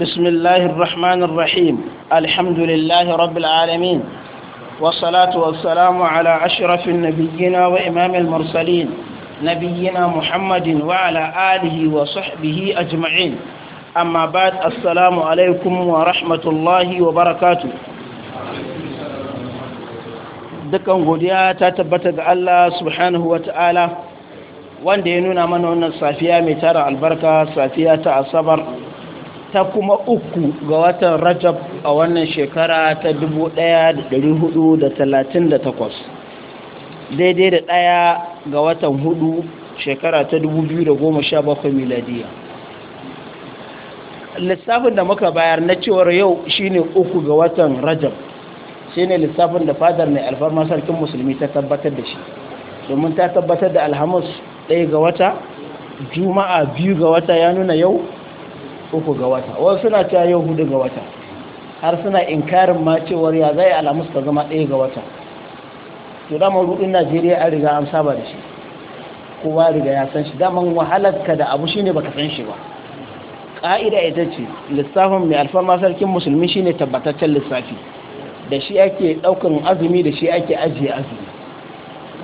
بسم الله الرحمن الرحيم الحمد لله رب العالمين والصلاة والسلام على أشرف النبيين وإمام المرسلين نبينا محمد وعلى آله وصحبه أجمعين أما بعد السلام عليكم ورحمة الله وبركاته dukan godiya ta tabbata ga Allah subhanahu wa ta'ala wanda ya nuna mana wannan safiya mai tara albarka safiya ta asabar ta kuma uku ga watan rajab a wannan shekara ta 1438 daidai da ɗaya ga watan hudu shekara ta 2017 miladiya lissafin da muka bayar na cewar yau shine uku ga watan rajab shine lissafin da fadar mai alfarmar sarkin musulmi ta tabbatar da shi domin ta tabbatar da alhamis ɗaya ga wata juma'a biyu ga wata ya nuna yau uku ga wata wasu suna cewa yau hudu ga wata har suna inkarin ma cewar ya zai alamus ta zama ɗaya ga wata to damar rudin najeriya an riga an saba da shi kowa riga ya san shi daman ka da abu shine baka san shi ba ƙa'ida ita ce lissafin mai alfarma sarkin musulmi shine tabbataccen lissafi da shi ake ɗaukan azumi da shi ake ajiye azumi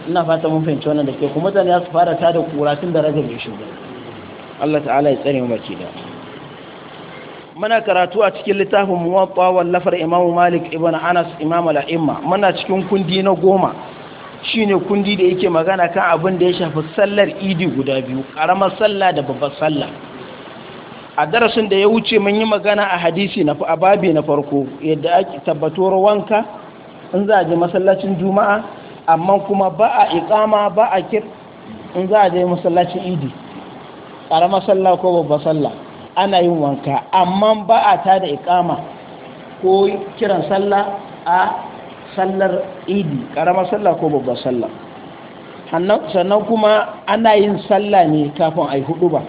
ina fata mun fahimci wannan da ke kuma mutane ya su fara ta da kura tun da rajab ya shigo Allah ta'ala ya tsare mu baki da muna karatu a cikin littafin muwatta wallafar Imam Malik ibn Anas Imam al-Imma muna cikin kundi na goma shine kundi da yake magana kan abin da ya shafi sallar Idi guda biyu karamar sallah da babbar sallah a darasin da ya wuce mun yi magana a hadisi na babi na farko yadda ake tabbatuwar wanka in za a je masallacin juma'a amma kuma ba a iƙama ba a kir in za a je masallacin idi ƙaramar sallah ko babbar sallah ana yin wanka amma ba a ta da iqama ko kiran sallah a sallar idi ƙaramar sallah ko babbar sallah sannan kuma ana yin sallah ne kafin a yi hudu ba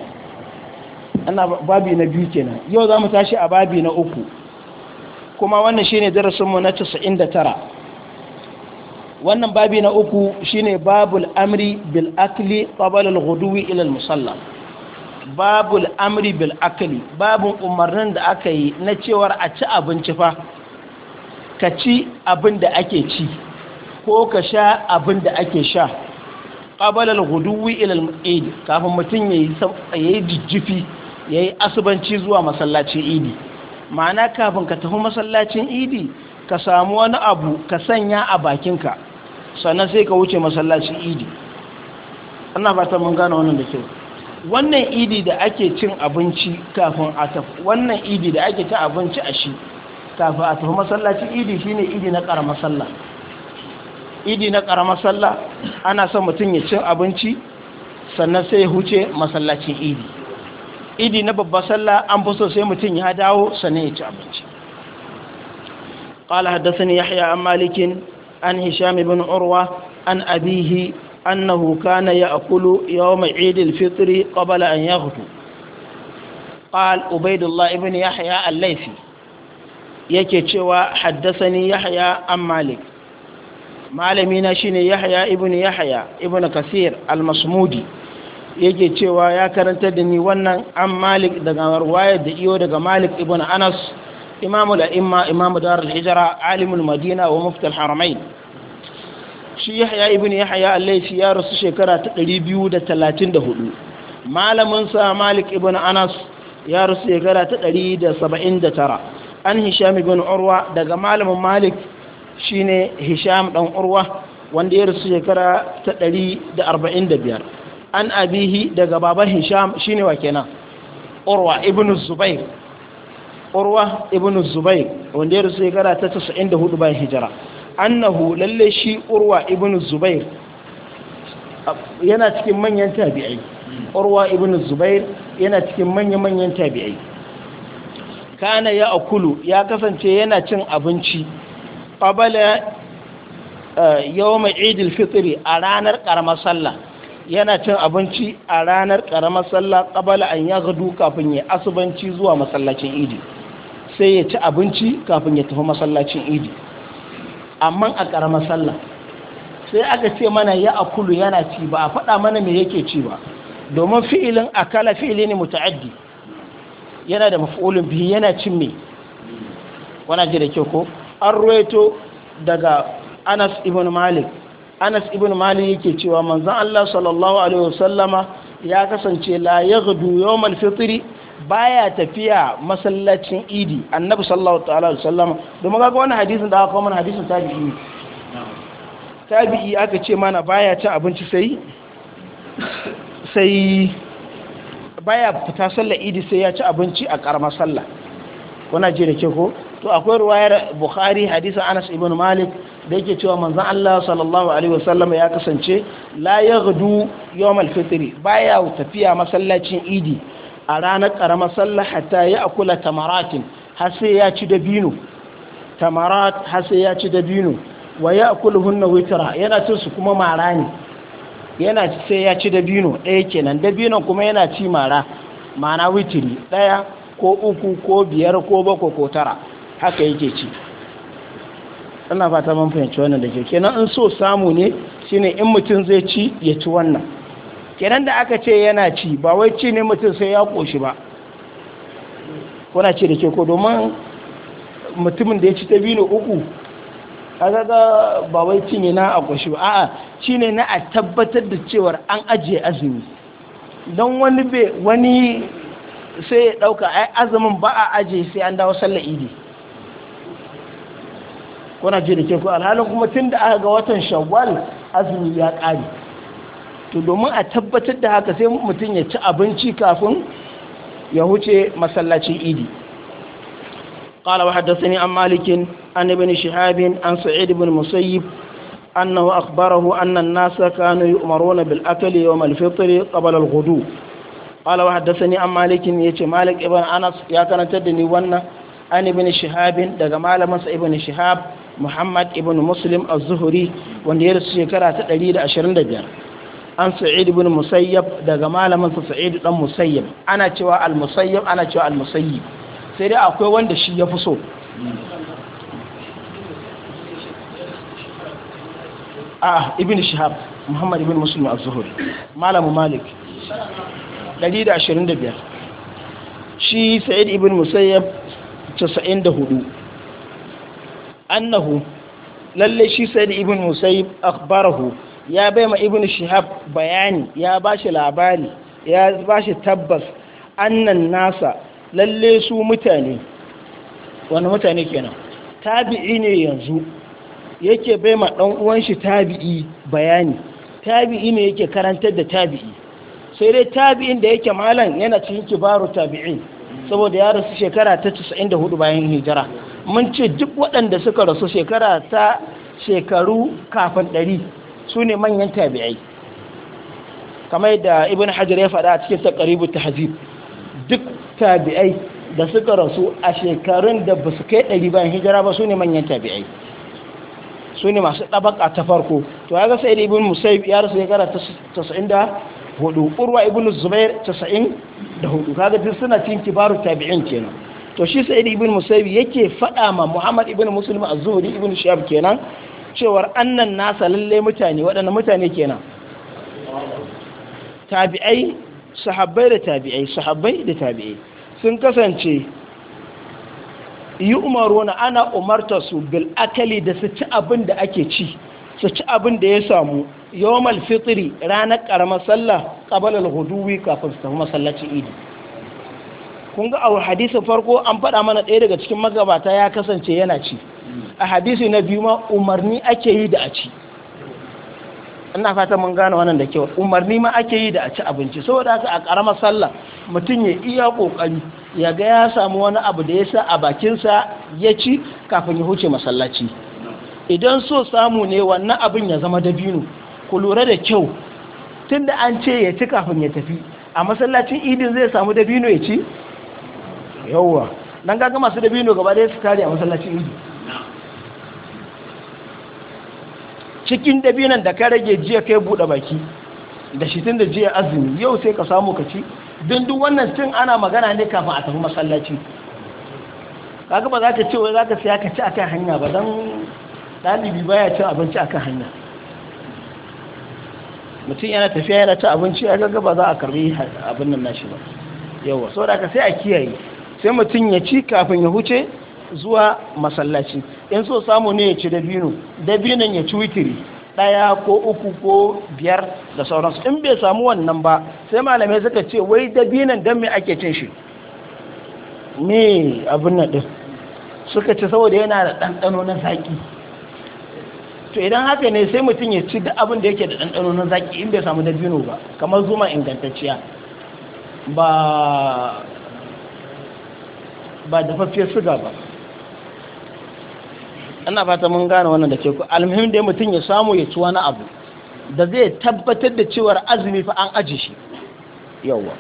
ana babi na biyu kenan yau za mu tashi a babi na uku kuma wannan shine darasinmu na 99 wannan babi na uku shine babul amri bil akli qabala al ghuduwi ila al musalla babul amri bil akli babun umarnin da aka yi na cewar a ci abinci fa ka ci abin da ake ci ko ka sha abin da ake sha qabala al ghuduwi ila al eid kafin mutum yayi yayi jijjifi yayi asubanci zuwa masallacin idi ma'ana kafin ka tafi masallacin idi ka samu wani abu ka sanya a bakinka sannan sai ka wuce masallaci idi ana fata mun gane wannan da kyau wannan idi da ake cin abinci kafin a tafi wannan idi da ake ta abinci a shi kafin a tafi masallacin idi shine idi na ƙaramar sallah idi na ƙaramar sallah ana son mutum ya cin abinci sannan sai ya huce masallacin idi idi na babbar sallah an fi so sai mutum ya dawo sannan ya ci abinci قال حدثني يحيى عن مالك عن هشام بن عروة عن أبيه أنه كان يأكل يوم عيد الفطر قبل أن يغدو قال عبيد الله بن يحيى الليثي yake cewa haddasani yahya an malik malami na shine yahya ibn yahya ibn kasir al-masmudi yake cewa ya karanta da ni wannan an malik daga ruwayar da iyo daga malik ibn anas Imamul la'imma imamu dar al-hijra alimul madina wa muftal haramain shi yahya ibn yahya al laifi ya rasu shekara ta 234 malamin sa malik ibn anas ya rasu shekara ta tara an hisham bin urwa daga malamin malik shine hisham dan urwa wanda ya rasu shekara ta 145 an abihi daga baban hisham shine wakenan urwa ibn zubair urwa ibn zubai wanda ya rasu shekara ta 94 bayan hijira annahu lalle shi urwa ibn zubair yana cikin manyan tabi'ai urwa ibn zubair yana cikin manyan manyan tabi'ai kana ya akulu ya kasance yana cin abinci qabala eh, yawma idil fitri a ranar karamar sallah yana cin abinci a ranar karamar sallah qabala an ya gado kafin ya asubanci zuwa masallacin idi sai ya ci abinci kafin ya tafi masallacin idi amma a ƙaramar sallah sai aka ce mana ya akulu yana ci ba a faɗa mana me yake ci ba domin fi'ilin kala fi'ili ne muta'addi yana da mafi'ulun bihi yana cin me wana ji da kyau ko an ruwaito daga Anas ibn Malik Anas ibn Malik yake cewa manzon Allah sallallahu alaihi wasallama ya kasance la yaghdu yawmal fitri baya tafiya masallacin idi annabi sallallahu ta'ala alaihi wasallam domin ga wannan hadisin da aka mana hadisin tabi'i tabi'i aka ce mana baya cin abinci sai sai baya fita sallar idi sai ya ci abinci a karamar sallah kuna ji da ke ko to akwai ruwayar bukhari hadisin anas ibn malik da yake cewa manzon Allah sallallahu alaihi wasallam ya kasance la yaghdu yawm al-fitr baya tafiya masallacin idi a ranar ƙaramar sallah hatta ya akula tamaratin har sai ya ci dabino tamarat har sai ya ci dabino wa ya kula hunna witra yana cin su kuma mara ne yana sai ya ci dabino ɗaya kenan dabino kuma yana ci mara mana witiri ɗaya ko uku ko biyar ko bako, ko tara haka yake ci ina fata man fahimci wannan da ke kenan in so samu ne shine in mutum zai ci ya ci wannan kenan da aka ce yana ci ba wai ci ne mutum sai ya koshi ba kuna ce da ke ko domin mutumin da ya ci ta biyu uku aka ga ba wai ci ne na a koshi ba a'a ci ne na a tabbatar da cewar an ajiye azumi don wani be wani sai ya dauka ai azumin ba a ajiye sai an dawo sallar idi kuna ce da ke ko alhalin kuma tun da aka ga watan shawwal azumi ya kare to domin a tabbatar da haka sai mutum ya ci abinci kafin ya huce masallacin idi قال وحدثني عن مالك عن ابن شهاب عن سعيد بن مسيب أنه أخبره أن الناس كانوا يؤمرون بالأكل يوم الفطر قبل الغدو قال وحدثني عن مالك يتي مالك ابن أنس يا كان تدني ونا عن ابن شهاب دغ مالم ابن شهاب محمد ابن مسلم الزهري وندير الشيكرة 125 an sa'id ibn musayyab daga malamin sa sa'id dan musayyab ana cewa al musayyab ana cewa al musayyib sai dai akwai wanda shi ya fi so ah ibn shihab muhammad ibn muslim az-zuhri malamu malik 125 shi sa'id ibn musayyab 94 annahu lalle shi sa'id ibn musayyib akhbarahu ya bai ma ibn shihab bayani ya ba shi labari ya ba shi tabbas annan nasa lalle su mutane wani mutane kenan tabi'i ne yanzu yake bai ma ɗan uwan shi tabi'i bayani tabi'i ne yake karantar da tabi'i sai dai tabi'in da yake malam yana cikin kibaru tabi'in saboda ya rasu shekara ta 94 bayan hijira mun ce duk waɗanda suka rasu shekara ta shekaru kafin ɗari su ne manyan tabi'ai kamar da ibn hajar ya faɗa a cikin taqribu tahzib duk tabi'ai da suka rasu a shekarun da ba su kai ɗari bayan hijira ba su ne manyan tabi'ai su ne masu ɗabaka ta farko to ya ga sai da ibn musayib ya rasu shekara tasa'in da hudu urwa ibn zubair tasa'in da hudu kaga duk suna cin kibaru tabi'in kenan to shi sai ibn musayib yake faɗa ma muhammad ibn muslim az-zuhri ibn shihab kenan cewar annan nasa lalle mutane waɗanda mutane kenan tabi'ai sahabbai da tabi'ai sahabbai da tabi'ai sun kasance yi umaruna ana umarta su bil'akali da su ci abin da ake ci su ci abin da ya samu yawon fitri ranar ƙaramar sallah ƙabalar huduwi kafin su tafi masallaci idi kun ga a hadisin farko an faɗa mana ɗaya daga cikin magabata ya kasance yana ci a hadisi na biyu ma umarni ake yi da a ci ina fata mun gane wannan da kyau umarni ma ake yi da a ci abinci saboda haka a karamar sallah mutum ya iya kokari ya ga ya samu wani abu da ya sa a bakinsa ya ci kafin ya huce masallaci idan so samu ne wannan abin ya zama dabino ku lura da kyau tunda an ce ya ci kafin ya tafi a masallacin idin zai samu dabino ya ci Yawa! dan ga masu dabino gaba ɗaya su tare a masallacin idi cikin dabinan da ka rage jiya kai buɗe baki da shi tun da jiya azumi yau sai ka samu ka ci don duk wannan cin ana magana ne kafin a tafi masallaci kaga ba za ka ce wai za ka saya ka ci akan hanya ba don ɗalibi baya cin abinci akan hanya mutum yana tafiya yana ci abinci ya gaga ba za a karbi abin nan nashi ba yawa saboda ka sai a kiyaye sai mutum ya ci kafin ya huce zuwa masallaci in so samu ne ya ci dabino dabinon ya ci witiri ɗaya ko uku ko biyar da sauransu in bai samu wannan ba sai malamai suka ce wai dabinon don me ake cin shi me abin na ɗin suka ci saboda yana da ɗanɗano na zaƙi to idan haka ne sai mutum ya ci da abin da yake da ɗanɗano na zaƙi in bai samu dabino ba kamar zuma ingantacciya ba ba dafaffiyar suga ba ana fata mun gane wannan da ke ku almuhim da mutum ya samu ya ci wani abu da zai tabbatar da cewar azumi fa an aji shi yawwa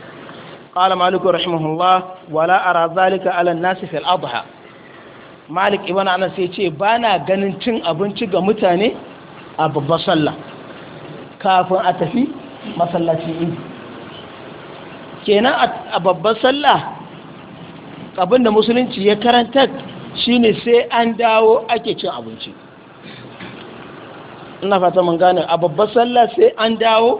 qala maliku rahimahullah wala ara zalika ala nasi fil adha malik ibn anas sai ce bana ganin cin abinci ga mutane a babbar sallah kafin a tafi masallaci idi kenan a babbar sallah abinda musulunci ya karanta shine sai an dawo ake cin abinci ina fata mun gane a babbar sallah sai an dawo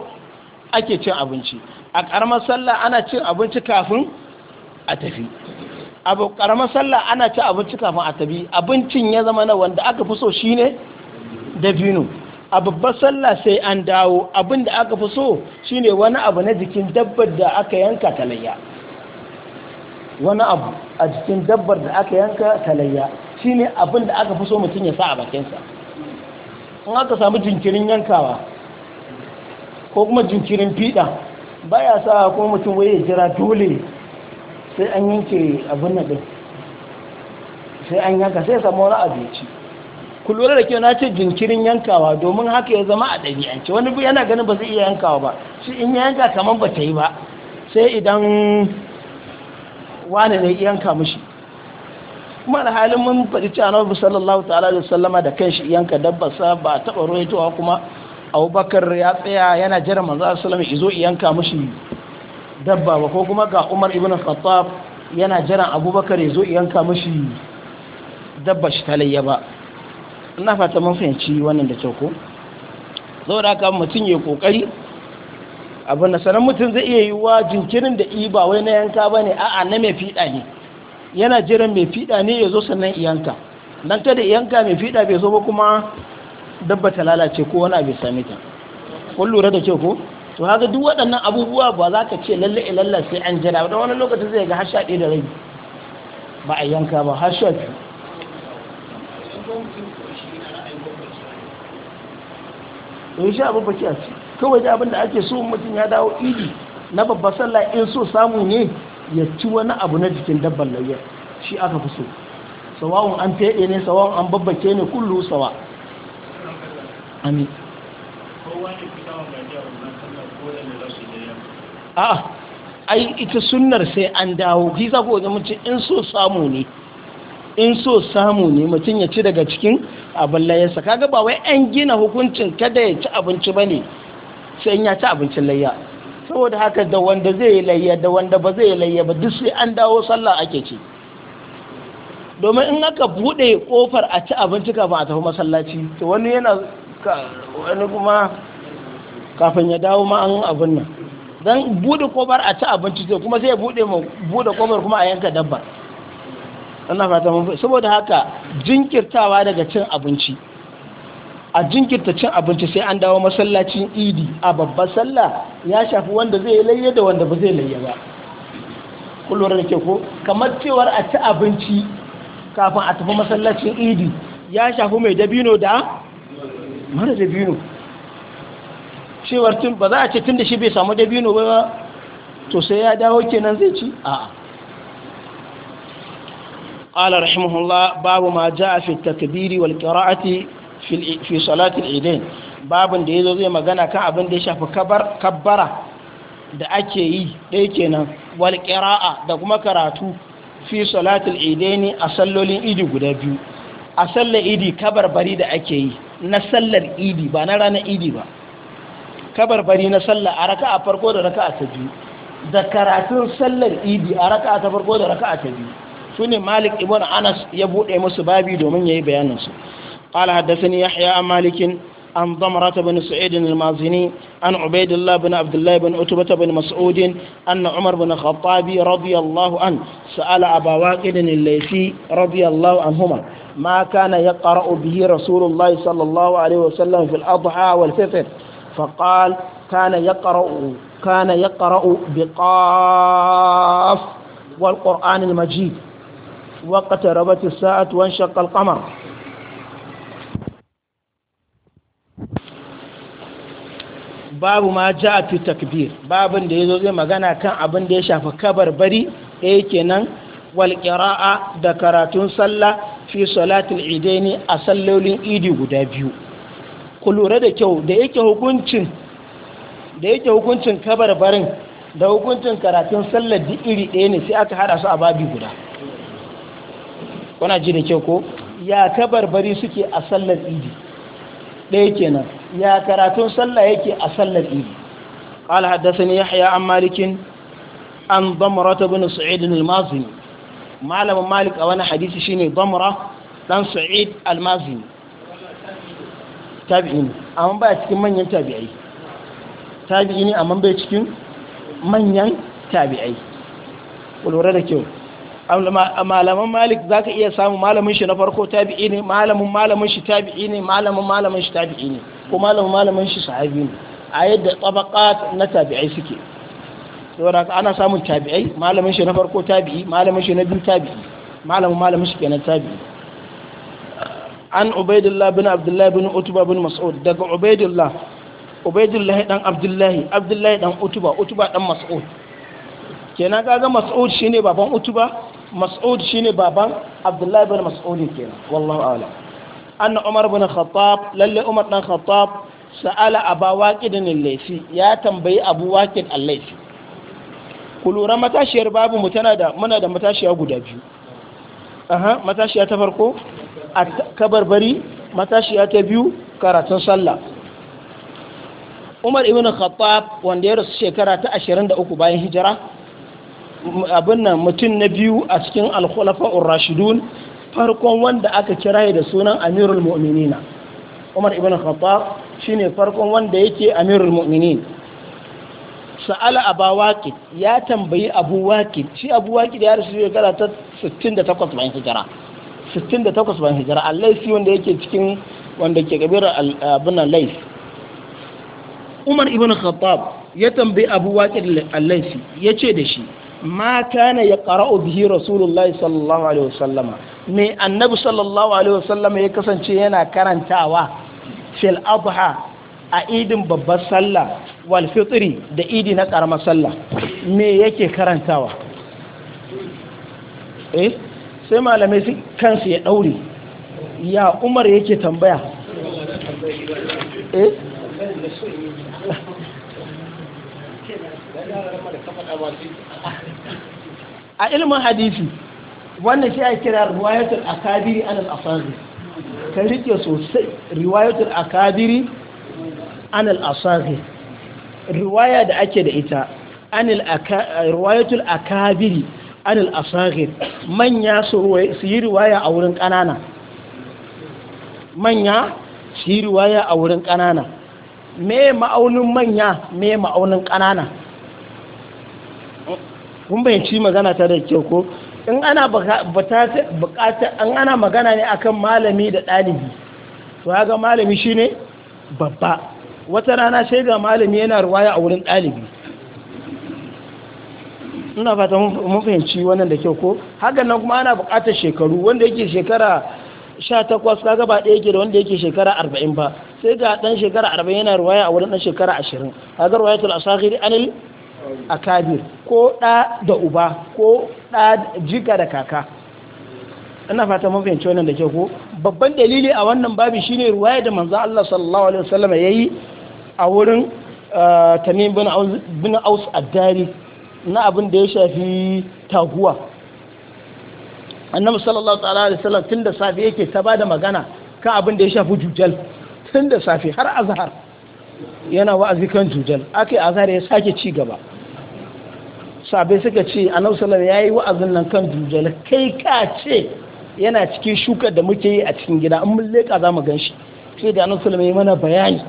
ake cin abinci a karamar sallah ana cin abinci kafin a tafi a karamar sallah ana cin abinci kafin a tafi abincin ya zama na wanda aka fi so shine dabino a babbar sallah sai an dawo abin da aka fi so shine wani abu na jikin dabbar da aka yanka talayya wani abu a jikin dabbar da aka yanka shi shine abin da aka fi so mutum ya sa a bakinsa in aka samu jinkirin yankawa ko kuma jinkirin fiɗa Ba ya sa kuma mutum waye jira dole sai an yanke abin na ɗin sai an yanka sai samu wani abinci ku lura da kyau na ce jinkirin yankawa domin haka ya zama a ɗabi'ance wani yana ganin ba zai iya yankawa ba shi in yanka kamar ba ta yi ba sai idan wane ne yanka mushi kuma da halin mun faɗi cewa annabi sallallahu ta'ala da sallama da kanshi yanka dabbarsa ba a taɓa ruwaitowa kuma abubakar ya tsaya yana jiran manzo sallallahu shi zo yanka mushi dabba ba ko kuma ga umar ibn khattab yana jiran abubakar ya zo yanka mushi dabba shi talayya ba ina fata mun fahimci wannan da kyau ko saboda haka mutum ya kokari abin da sanan mutum zai iya yi wa jinkirin da ba wai na yanka ba ne a'a na mai fiɗa ne yana jiran mai fiɗa ne ya zo sannan iyanka don kada iyanka mai fiɗa bai zo ba kuma dabba ta lalace ko wani abu sami ta kun lura da kyau ko to haka duk waɗannan abubuwa ba za ka ce lalle ilalla sai an jira da wani lokacin zai ga har sha da rabi ba a yanka ba har sha biyu a kawai da abin da ake so mutum ya dawo idi na babbar sallah in so samu ne ya ci wani abu na jikin dabban layyar shi aka fi so sawawun an feɗe ne sawawun an babbake ne kullu sawa amin a ai ita sunnar sai an dawo ki za ku wajen mutum in so samu ne in so samu ne mutum ya ci daga cikin abin layarsa kaga ba wai an gina hukuncin kada ya ci abinci ba ne sai in ya ci abincin layya saboda haka da wanda zai yi layya da wanda ba zai yi layya ba duk sai an dawo sallah ake ci domin in aka bude kofar a ci abinci kafin a tafi masallaci to wani yana wani kuma kafin ya dawo ma an abin nan dan bude kofar a ci abinci to kuma sai ya bude mu bude kofar kuma a yanka dabba ina fata mun saboda haka jinkirtawa daga cin abinci a jinkirta cin abinci sai an dawo masallacin idi a babbar sallah ya shafi wanda zai layya da wanda ba zai layya ba kullum da ke ko kamar cewar a ci abinci kafin a tafi masallacin idi ya shafi mai dabino da mara dabino cewar tun ba za a ce tun da shi bai samu dabino ba to sai ya dawo kenan zai ci a'a قال رحمه الله باب ما جاء في التكبير والقراءة fi salatul idain babin da yazo zai magana kan abin da ya shafi kabar kabbara da ake yi ɗaya kenan wal qira'a da kuma karatu fi salatul idain a sallolin idi guda biyu a sallar idi kabar-bari da ake yi na sallar idi ba na ranar idi ba kabar-bari na sallar a raka a farko da raka a ta biyu da karatun sallar idi a raka ta farko da raka ta biyu su ne malik ibn anas ya buɗe musu babi domin ya yi bayaninsu قال حدثني يحيى عن مالك عن ضمرة بن سعيد المازني عن عبيد الله بن عبد الله بن عتبة بن مسعود أن عمر بن الخطاب رضي الله عنه سأل أبا واقد الليثي رضي الله عنهما ما كان يقرأ به رسول الله صلى الله عليه وسلم في الأضحى والفطر فقال كان يقرأ كان يقرأ بقاف والقرآن المجيد وقت ربت الساعة وانشق القمر babu ma ja fi takbir babin da ya zo zai magana kan abin da ya shafi kabar bari ya eh, ke nan walƙira'a da karatun sallah fi salatul idaini a sallolin idi guda biyu ku lura da kyau da yake hukuncin da yake hukuncin kabar barin da hukuncin karatun sallar duk iri ɗaya ne sai aka haɗa su a babi guda kuna ji da kyau ko ya kabar bari suke a sallar idi ɗaya kenan ya karatun sallah yake a sallar idi قال حدثني يحيى عن مالك عن ضمرة malamin malik a wani hadisi shine حديث شيني ضمرة بن سعيد المازني tabi'in amma ba cikin manyan tabi'ai tabi'i ne amma bai cikin manyan tabi'ai kulura da kyau malaman malik za ka iya samun malamin shi na farko tabi'i ne malamin malamin shi tabi'i ne malamin malamin shi tabi'i ne ko malamin malamin shi sahabi ne a yadda tsabaka na tabi'ai suke saboda ana samun tabi'ai malamin shi na farko tabi'i malamin shi na biyu tabi'i malamin malamin shi kenan tabi'i an ubaidullah bin abdullahi bin utuba bin mas'ud daga ubaidullah ubaidullah dan abdullahi abdullahi dan utuba utuba dan mas'ud kenan kaga mas'ud shine baban utuba mas'ud shine baban abdullahi bin mas'ud kenan wallahu a'lam anna umar bin khattab lalle umar dan khattab sa'ala aba waqidin al-laysi ya tambayi abu waqid al-laysi ku lura matashiyar babu mu tana da muna da matashiya guda biyu aha matashiya ta farko a kabarbari matashiya ta biyu karatun sallah umar ibn khattab wanda ya rasu shekara ta 23 bayan hijira abin nan mutum na biyu a cikin alkhulafa'ur rashidun farkon wanda aka kira da sunan amirul mu'minina umar ibn khattab shine farkon wanda yake amirul mu'minin sa'ala aba waqid ya tambayi abu waqid shi abu waqid ya rasu ya shekara ta 68 bayan hijira 68 bayan hijira al shi wanda yake cikin wanda ke kabirar abin al umar ibn khattab ya tambayi abu waqid al shi yace da shi Mata ne ya qara'u bihi rasulullahi sallallahu alaihi wasallama me annabi sallallahu alaihi wasallama ya kasance yana karantawa fil adha a idin babbar sallah wal fitiri da idi na karama sallah me yake karantawa eh sai malamai su kansu ya daure ya umar yake tambaya a ilimin hadisi wannan shi a kira riwayatul akadiri an al asadi ka rike sosai riwayatul akadiri an al asadi riwaya da ake da ita an riwayatul akadiri an al asadi manya su yi riwaya a wurin kanana manya su yi riwaya a wurin kanana me ma'aunin manya me ma'aunin kanana kun bayanci magana ta da kyau ko in ana bukata an ana magana ne akan malami da ɗalibi to ga malami shine babba wata rana sai ga malami yana ruwaya a wurin ɗalibi ina fata mun fahimci wannan da kyau ko haka nan kuma ana bukatar shekaru wanda yake shekara 18 kaga ba ɗaya yake da wanda yake shekara 40 ba sai ga dan shekara 40 yana ruwaya a wurin dan shekara 20 kaga ruwayatul asaghir anil akabir ko ɗa da uba ko ɗa jika da kaka ina fata mun fahimci wannan da ke ko babban dalili a wannan babi shine ruwaya da manzo Allah sallallahu alaihi wasallam yayi a wurin uh, Tamim bin Aus bin Aus Addari na abin da ya shafi taguwa annabi sallallahu ta'ala alaihi wasallam tun da safe yake ta bada magana kan abin da ya shafi jujal tun da safe har azhar yana wa'azi kan jujal akai azhar ya sake ci gaba sabe suka ce annabi sallallahu ya yi wa'azin nan kan jujal kai ka ce yana cikin shukar da muke yi a cikin gida in mun leka za mu gan shi sai da annabi ya mana bayani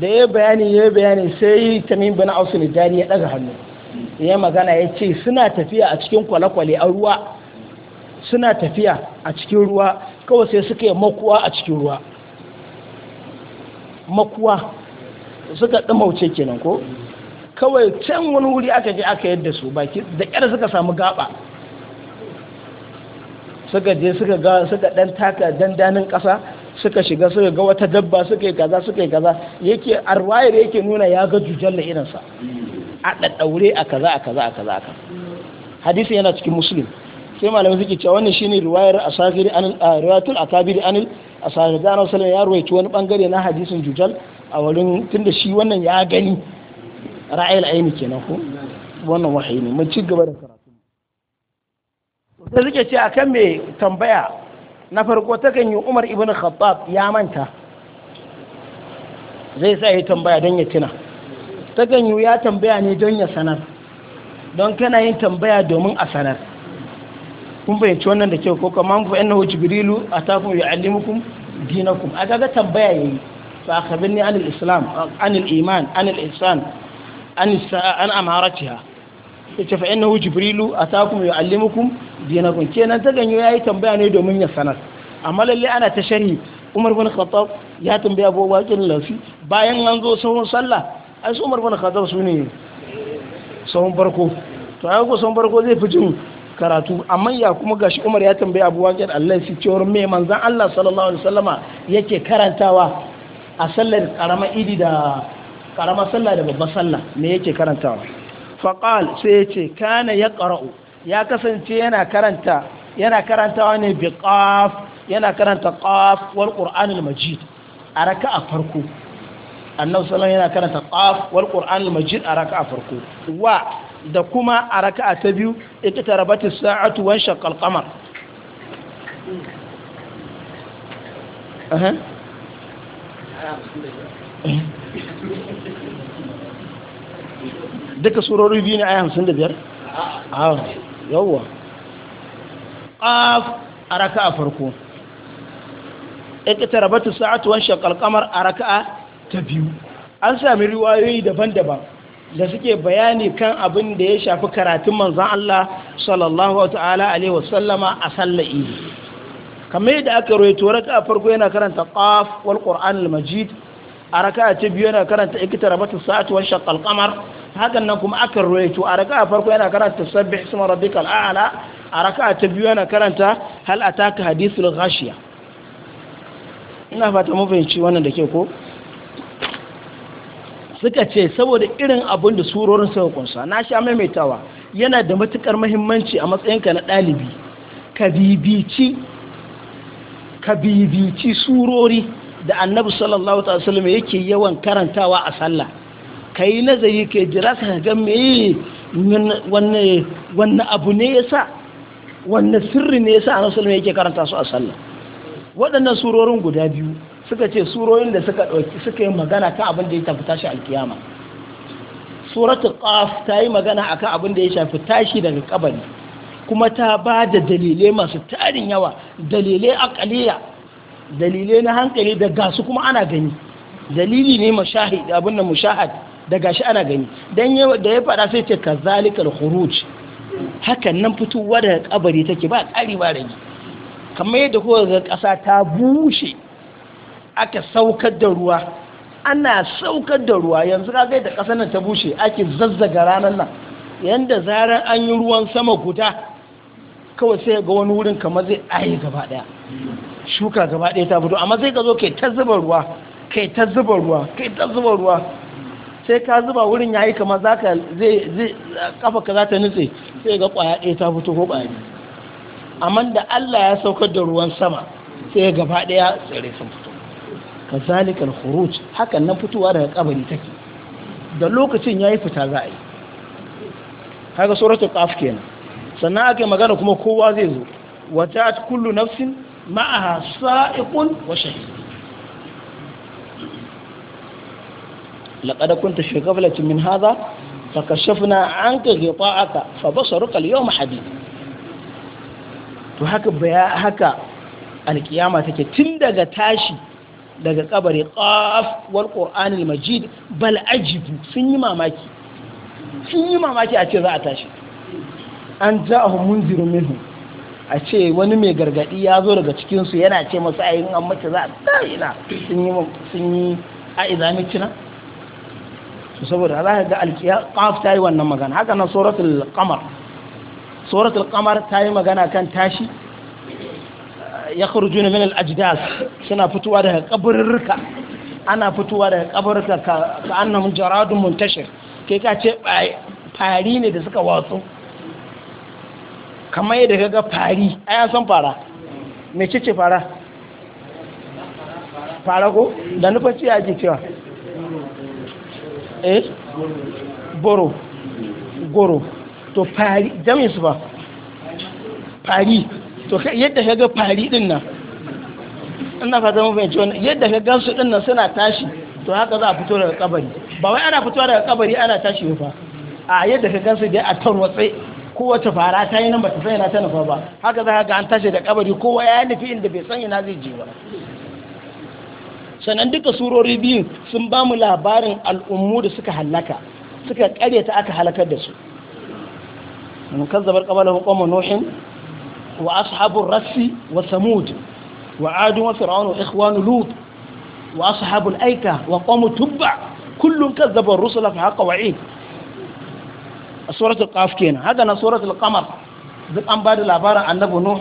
da ya bayani ya bayani sai tamim bin aus mai dari ya daga hannu ya magana ya ce suna tafiya a cikin kwale-kwale a ruwa suna tafiya a cikin ruwa kawai sai suka yi makuwa a cikin ruwa makuwa suka ɗumauce kenan ko kawai can wani wuri aka je aka yadda su baki da ƙyar suka samu gaba suka je suka ga suka ɗan taka dandanin ƙasa suka shiga suka ga wata dabba suka yi kaza suka yi kaza yake arwayar yake nuna ya ga jujalla irinsa a ɗaɗɗaure a kaza a kaza a kaza a kaza hadisi yana cikin musulun sai malamai suke cewa wannan shine riwayar asafiri an riwayatul akabir an asafiri da Annabi sallallahu ya rawaito wani bangare na hadisin jujal a wurin tunda shi wannan ya gani ra'ayil aini kenan ko wannan wahayi ne mun ci gaba da karatu sai suke ce akan me tambaya na farko ta kan yi Umar ibn Khattab ya manta zai sa ya tambaya don ya tuna kan yi ya tambaya ne don ya sanar don kana yin tambaya domin a sanar kun fahimci wannan da kyau ko kamar fa innahu jibrilu atakum yu'allimukum dinakum aga ga tambaya yayi fa ni anil islam anil iman anil ihsan an an amaratiha yace fa innahu jibrilu atakum yu'allimukum dinakum kenan ta ganyo yayi tambaya ne domin ya sanar amma lalle ana ta sharhi Umar bin Khattab ya tambaya Abu Bakar Lafi bayan an zo sahun sallah ai Umar bin Khattab sune sahun barko to ai ko sahun barko zai fi jin karatu amma ya kuma gashi Umar ya tambayi Abu Waqid Allah shi cewar me Allah sallallahu alaihi wasallama yake karantawa a sallar karamar idi da karamar sallah da Babba sallah me yake karantawa faqal sai yace kana yaqra'u ya kasance yana karanta yana karantawa ne bi qaf yana karanta qaf wal qur'anul majid a raka'a farko annabi sallallahu alaihi wasallam yana karanta qaf wal qur'anul majid a raka'a farko wa da kuma a raka'a ta biyu ita rabata sa'atu wan shakal kamar duka surori biyu ne aya da biyar? yawwa ƙaf a raka'a farko ita rabata sa'atu wan shakal kamar a raka'a ta biyu an sami riwayoyi daban-daban da suke bayani kan abin da ya shafi karatun manzan Allah sallallahu ta'ala alaihi wasallama a sallar idi kamar yadda aka roito raka farko yana karanta qaf wal qur'an al majid a raka ta biyu yana karanta iktarabatu sa'atu wa shaqqal qamar hakan nan kuma aka roito a raka farko yana karanta sabbih isma rabbikal a'la a raka ta biyu yana karanta hal ataka hadithul ghashiya ina fata mu fahimci wannan da ke ko suka ce saboda irin abin da surorin suka kunsa na sha maimaitawa yana da matukar mahimmanci a matsayinka na ɗalibi ka bibici surori da annabi sallallahu alaihi wasallam yake yawan karantawa a sallah ka yi nazari kai jira ka ga me wanne wanne abu ne yasa wanne sirri ne yasa annabi sallallahu yake karanta su a sallah waɗannan surorin guda biyu suka ce surorin da suka ɗauki suka yi magana kan abin da ya tafi tashi alkiyama suratu qaf ta yi magana akan abin da ya shafi tashi daga kabari kuma ta ba da dalilai masu tarin yawa dalilai akaliya dalilai na hankali da gasu kuma ana gani dalili ne mashahid abin da mushahad da gashi ana gani dan da ya fada sai ce kazalikal khuruj hakan nan fitowa daga kabari take ba ƙari ba rage kamar yadda kowa ga ƙasa ta bushe aka saukar da ruwa ana saukar da ruwa yanzu ka da ƙasar nan ta bushe ake zazzaga ranar nan yanda zarar an yi ruwan sama guda kawai sai ga wani wurin kamar zai aye gaba ɗaya shuka gaba ɗaya ta fito amma zai ka zo kai ta zuba ruwa kai ta zuba ruwa kai ta zuba ruwa sai ka zuba wurin yayi kamar zaka zai zai kafa ka za ta nutse sai ga ƙwaya ɗaya ta fito ko ƙwaya amma da Allah ya saukar da ruwan sama sai gaba ɗaya tsirrai sun fito kazalika al-khuruj hakan nan fitowa daga kabari take da lokacin yayi fita za a yi kaga suratul qaf kenan sannan ake magana kuma kowa zai zo ta'at kullu nafsin ma'aha sa'iqun wa shahid laqad kunta fi ghaflatin min hadha fakashafna anka ghita'aka basharuka al yawm hadid to haka baya haka alkiyama take tun daga tashi daga kabari qaf wal qur'anil majid bal ajibu sun yi mamaki sun yi mamaki a ce za a tashi an ja'ahum munzirun minhu a ce wani mai gargadi ya zo daga cikin su yana ce masu ayin an mace za a tsayina sun yi sun yi a izami cina su saboda za ka ga alkiya qaf ta yi wannan magana haka nan suratul qamar suratul qamar ta yi magana kan tashi ya kharuju min al-ajdas suna fitowa daga kaburruka ana fitowa daga kaburruka ka annan jaradun muntashir kai ka ce fari ne da suka watsu kamar yadda kaga fari ai san fara me cece fara fara ko da nufin ce ake cewa eh boro goro to fari jami'in su ba fari to yadda ka ga fari din nan ina fata mu fahimci wannan yadda ka ga su din nan suna tashi to haka za a fito daga kabari ba wai ana fitowa daga kabari ana tashi ba a yadda ka ga su dai a tarwatse wata fara ta yi nan ba ta sanya ta nufa ba haka za ka ga an tashi da kabari kowa ya nufi inda bai sanya na zai je ba sannan duka surori biyun sun ba mu labarin al'ummu da suka halaka suka karyata aka halakar da su mun kazzabar qabala wa qawma nuhin وأصحاب الرس وثمود وعاد وفرعون وإخوان لوط وأصحاب الأيكة وقوم تبع كل كذب الرسل في حق وعيد سورة القاف كينا هذا سورة القمر ذلك أن العبارة عن نبو نوح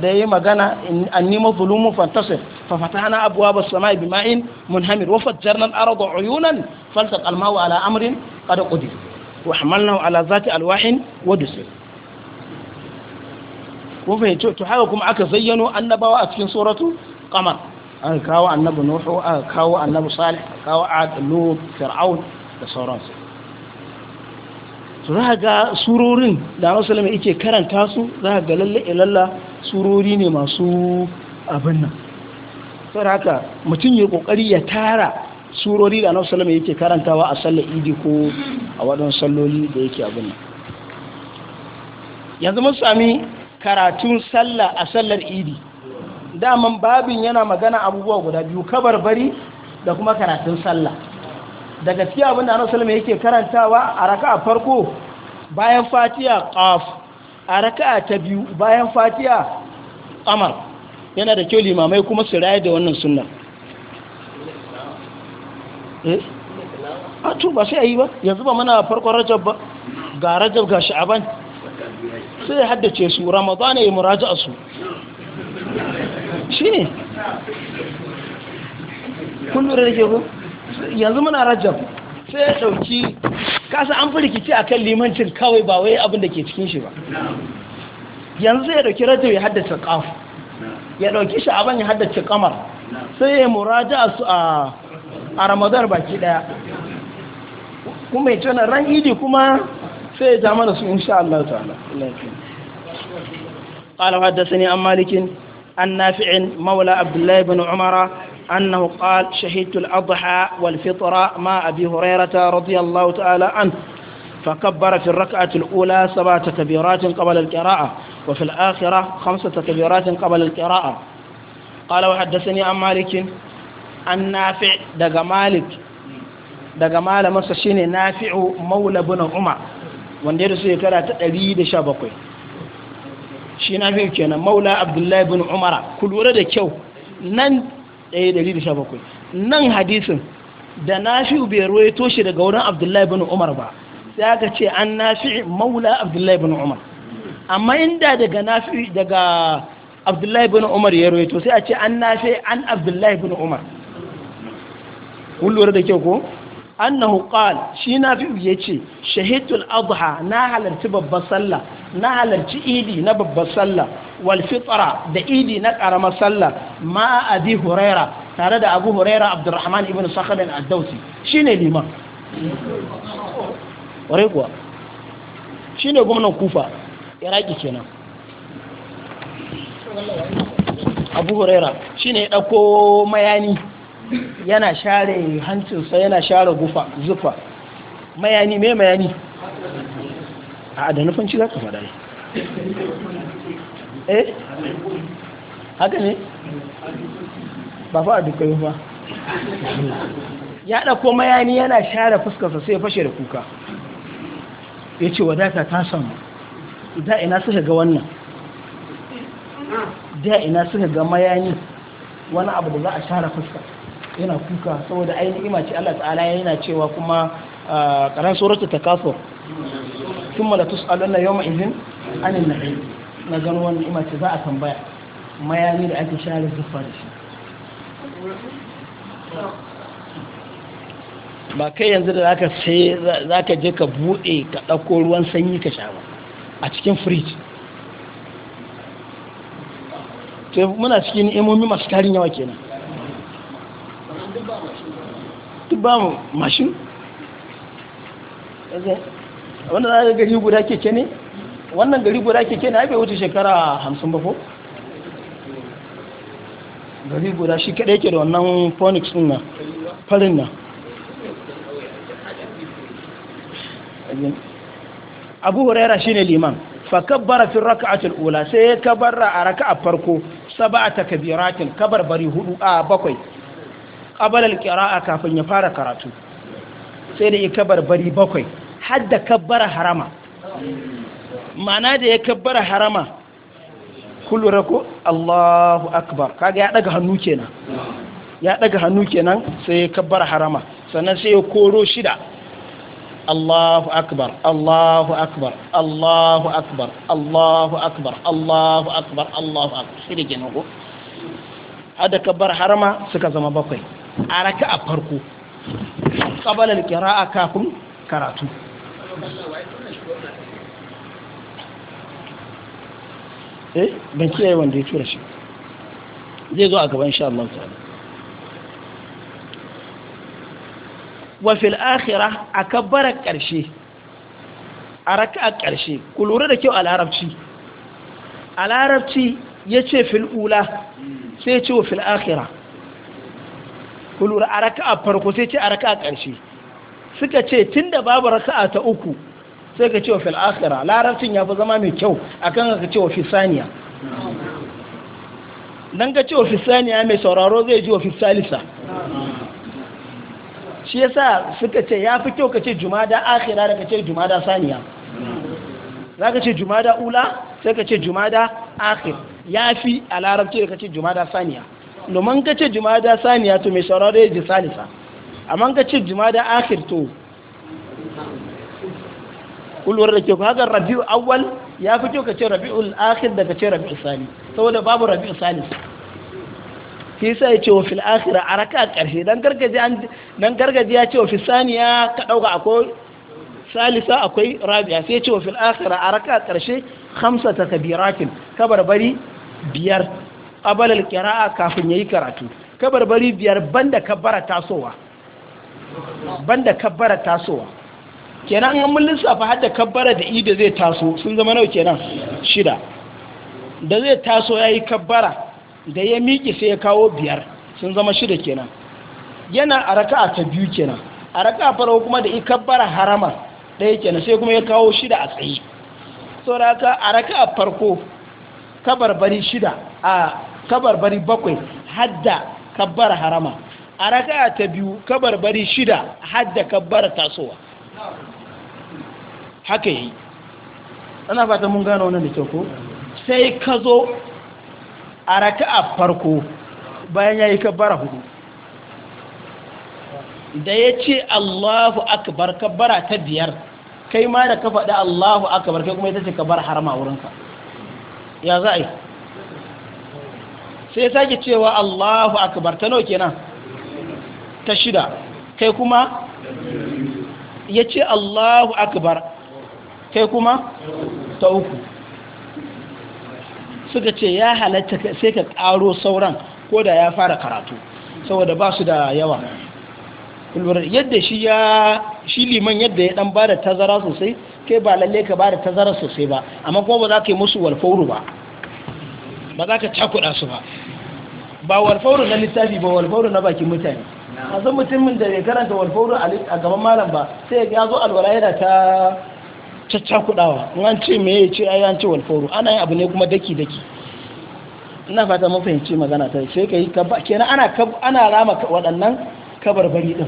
دائما قنا أني مظلوم فانتصر ففتحنا أبواب السماء بماء منهمر وفجرنا الأرض عيونا فالتق الماء على أمر قد قدر وحملنا على ذات الواح ودسر ko fahimci to haka kuma aka zayyano annabawa a cikin suratu qamar an kawo annabi nuhu aka kawo annabi salih aka kawo ad lut fir'aun da sauransu to za ga surorin da Rasulullah yake karanta su za ga lalle ilalla eh, surori ne masu abin nan sai haka mutum ya kokari ya tara surori da annabi sallallahu yake karantawa a sallar idi ko a wadannan salloli da yake abin nan yanzu mun sami karatun sallah a sallar idi daman babin yana magana abubuwa guda biyu kabar bari da kuma karatun sallah da gaskiya abin da anasalama yake karantawa a raka a farko bayan fatiya ƙaf a raka ta biyu bayan fatiya amar yana da kyau limamai kuma su raye da wannan sunan eh? a tu ba sai a yi ba yanzu ba mana farkon rajab ba ga rajab ga sha'aban sai ya haddace su ramadana ya a su shi ne lura da ke ku yanzu muna rajab sai ya ɗauki kasa an fi a kan limancin kawai ba wai abin da ke cikin shi ba yanzu sai ya ɗauki rajab ya haddace kaf ya ɗauki abin ya haddace kamar sai ya a su a ramadar baki ɗaya kuma ya ce ran idi kuma سيتعمل رسول إن شاء الله تعالى قال وحدثني عن مالك عن نافع مولى عبد الله بن عمر أنه قال شهدت الأضحى والفطر مع أبي هريرة رضي الله تعالى عنه فكبر في الركعة الأولى سبعة تكبيرات قبل القراءة وفي الآخرة خمسة تكبيرات قبل القراءة قال وحدثني عن مالك عن نافع دق مالك دق مال مصر نافع مولى بن عمر wanda ya rasu shekara ta 117 shi na fi kenan maula abdullahi bin umara ku lura da kyau nan 117 nan hadisin da na fi bai ya toshe daga wurin abdullahi bin umar ba sai aka ce an na fi maula abdullahi bin umar amma inda daga na fi daga abdullahi bin umar ya ruwaito sai a ce an na fi an abdullahi bin umar kun lura da kyau ko annahu qal shi na fi ya ce shahidul adha na halarci babbar sallah na halarci idi na babbar sallah wal fitra da idi na karama sallah ma abi huraira tare da abu huraira abdurrahman ibn sakhr al-dawsi shine lima ware kuwa shine gwamnan kufa iraki kenan abu huraira shine ya dauko mayani yana share hancinsa yana share gufa zufa mayani mai mayani a da nufanci za ka faɗa eh haka ne ba fa a dukkan ba ya ko mayani yana share fuskarsa sai ya fashe da kuka ya ce wadata ta samu da ina suka ga wannan da ina suka ga mayani wani abu da za a share fuska yana kuka saboda ainihin ni'ima ce Allah ta'ala yana cewa kuma karan suratul takasur thumma la tus'aluna yawma idhin anin na'im na gano wannan ni'ima ce za a tambaya mayami da ake share zuffa da shi ba kai yanzu da zaka sai zaka je ka bude ka dauko ruwan sanyi ka sha ba a cikin fridge to muna cikin imomi masu tarin yawa kenan ba mu mashin wanda za ga gari guda keke ne wannan gari guda keke ne bai wuce shekara hamsin ba ko gari guda shi kada ke da wannan phoenix din nan farin nan abu huraira shine liman fakabbara fi raka'atul ula sai ya kabbara a raka'a farko sab'ata kabiratin kabar bari hudu a bakwai qabala alqira'a kafin ya fara karatu sai da ya kabar bari bakwai Hadda da kabbara harama Mana da ya kabbara harama kullu rako Allahu akbar kaga ya daga hannu kenan ya daga hannu kenan sai ya kabbara harama sannan sai ya koro shida Allahu akbar Allahu akbar Allahu akbar Allahu akbar Allahu akbar Allahu akbar shida kenan ko hada kabbar harama suka zama bakwai a raka a farko ƙabalar a kafin karatu eh ban kiyaye wanda ya tura shi zai zo a gaban sha Allah ta'ala wa fil a kabbara karshe a karshe ku lura da kyau a larabci a larabci yace fil ula sai ce wa fil kulura a raka'a farko sai ce a raka'a ƙarshe suka ce tun da babu raka'a ta uku sai ka cewa fil akhira larabcin ya fi zama mai kyau a kan ka ce wa saniya don ka ce wa saniya mai sauraro zai ji wa fisalisa salisa shi sa suka ce ya fi kyau ka ce jumada akhira da ka ce jumada saniya za ka ce jumada ula sai ka ce jumada akhir ya fi a larabci da ka ce jumada saniya domin ka ce jumada saniya to mai da ya ji salisa amma ka ce jumada akhir to kulwar da ke haka rabi'u awwal ya fi kyau ka ce Rabi'u akhir da ka ce rabi'u sani saboda babu rabi'u sani shi yasa ya ce wa fil akhir a raka karshe dan gargaje dan gargaje ya ce wa fil saniya ka dauka akwai salisa akwai rabi'a sai ya ce wa fil akhir a raka karshe khamsata kabiratin kabarbari biyar ƙabalar kira'a kafin ya yi karatu barbari biyar banda kabbara tasowa banda kabbara tasowa kenan an mun lissafa har da kabbara da ida zai taso sun zama nau kenan shida da zai taso ya yi kabbara da ya miƙi sai ya kawo biyar sun zama shida kenan yana a raka'a ta biyu kenan a raka'a farko kuma da kabara harama ɗaya kenan sai kuma ya kawo shida a tsaye saboda haka a raka'a farko kabarbari shida a kabarbari bakwai hadda kabbar harama a raka'a ta biyu kabarbari shida hadda kabbar tasowa haka yi ana fata mun gano wani da kyau ko sai ka zo a raka'a farko bayan ya yi bar hudu da ya ce Allahu akbar kabbara ta biyar kai ma da ka faɗi Allahu akbar kai kuma ita ce kabbar harama wurinka ya za a yi sai ya sake cewa Allahu akbar ta nawa kenan ta shida kai kuma ya ce Allahu akbar kai kuma ta uku suka ce ya halatta sai ka ƙaro sauran ko da ya fara karatu saboda ba su da yawa yadda shi ya shi liman yadda ya dan ba da tazara sosai kai ba lalle ka ba da tazara sosai ba amma kuma ba za ka yi musu walfauru ba ba za ka cakuɗa su ba ba walfauru na littafi ba walfauru na bakin mutane a zan mutumin da bai karanta walfauru a gaban malam ba sai ya zo alwala yana ta cacca kudawa an ce me ya ce ayi an ce walfauru ana yin abu ne kuma daki daki ina fata mun fahimci magana ta sai kai kenan ana ana rama waɗannan kabarbari din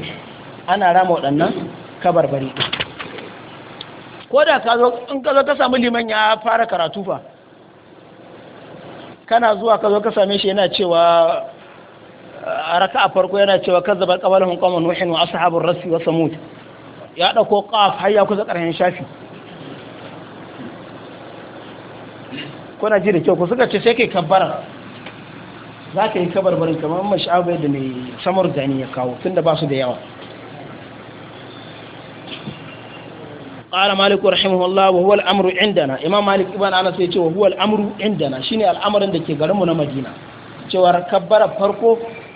ana rama waɗannan kabarbari ɗin. ko da ka zo in ka zo ka samu liman ya fara karatu fa kana zuwa ka zo ka same shi yana cewa a raka a farko yana cewa kazzaba qablahum qawmun nuhin wa ashabur rasi wa samud ya dauko qaf har ya kusa karshen shafi kuna ji da kyau ku suka ce sai kai kabbara za ka yi kabarbarin kamar mashabai da mai samar gani ya kawo tunda ba su da yawa قال مالك رحمه الله وهو الأمر عندنا إمام مالك ابن أنس يقول وهو الأمر عندنا شيني الأمر عندك غرمنا مدينة cewar kabbara farko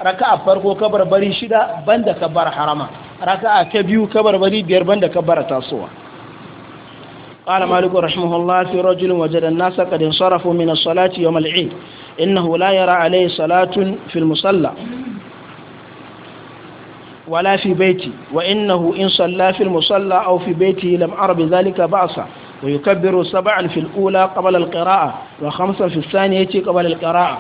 raka'a farko kabar bari shida banda kabbar harama raka'a ta biyu kabar bari biyar banda kabbar tasowa قال مالك رحمه الله في رجل وجد الناس قد انصرفوا من الصلاة يوم العيد إنه لا يرى عليه صلاة في المصلى ولا في بيتي وإنه إن صلى في المصلى أو في بيته لم أر بذلك بأسا ويكبر سبعا في الأولى قبل القراءة وخمسا في الثانية قبل القراءة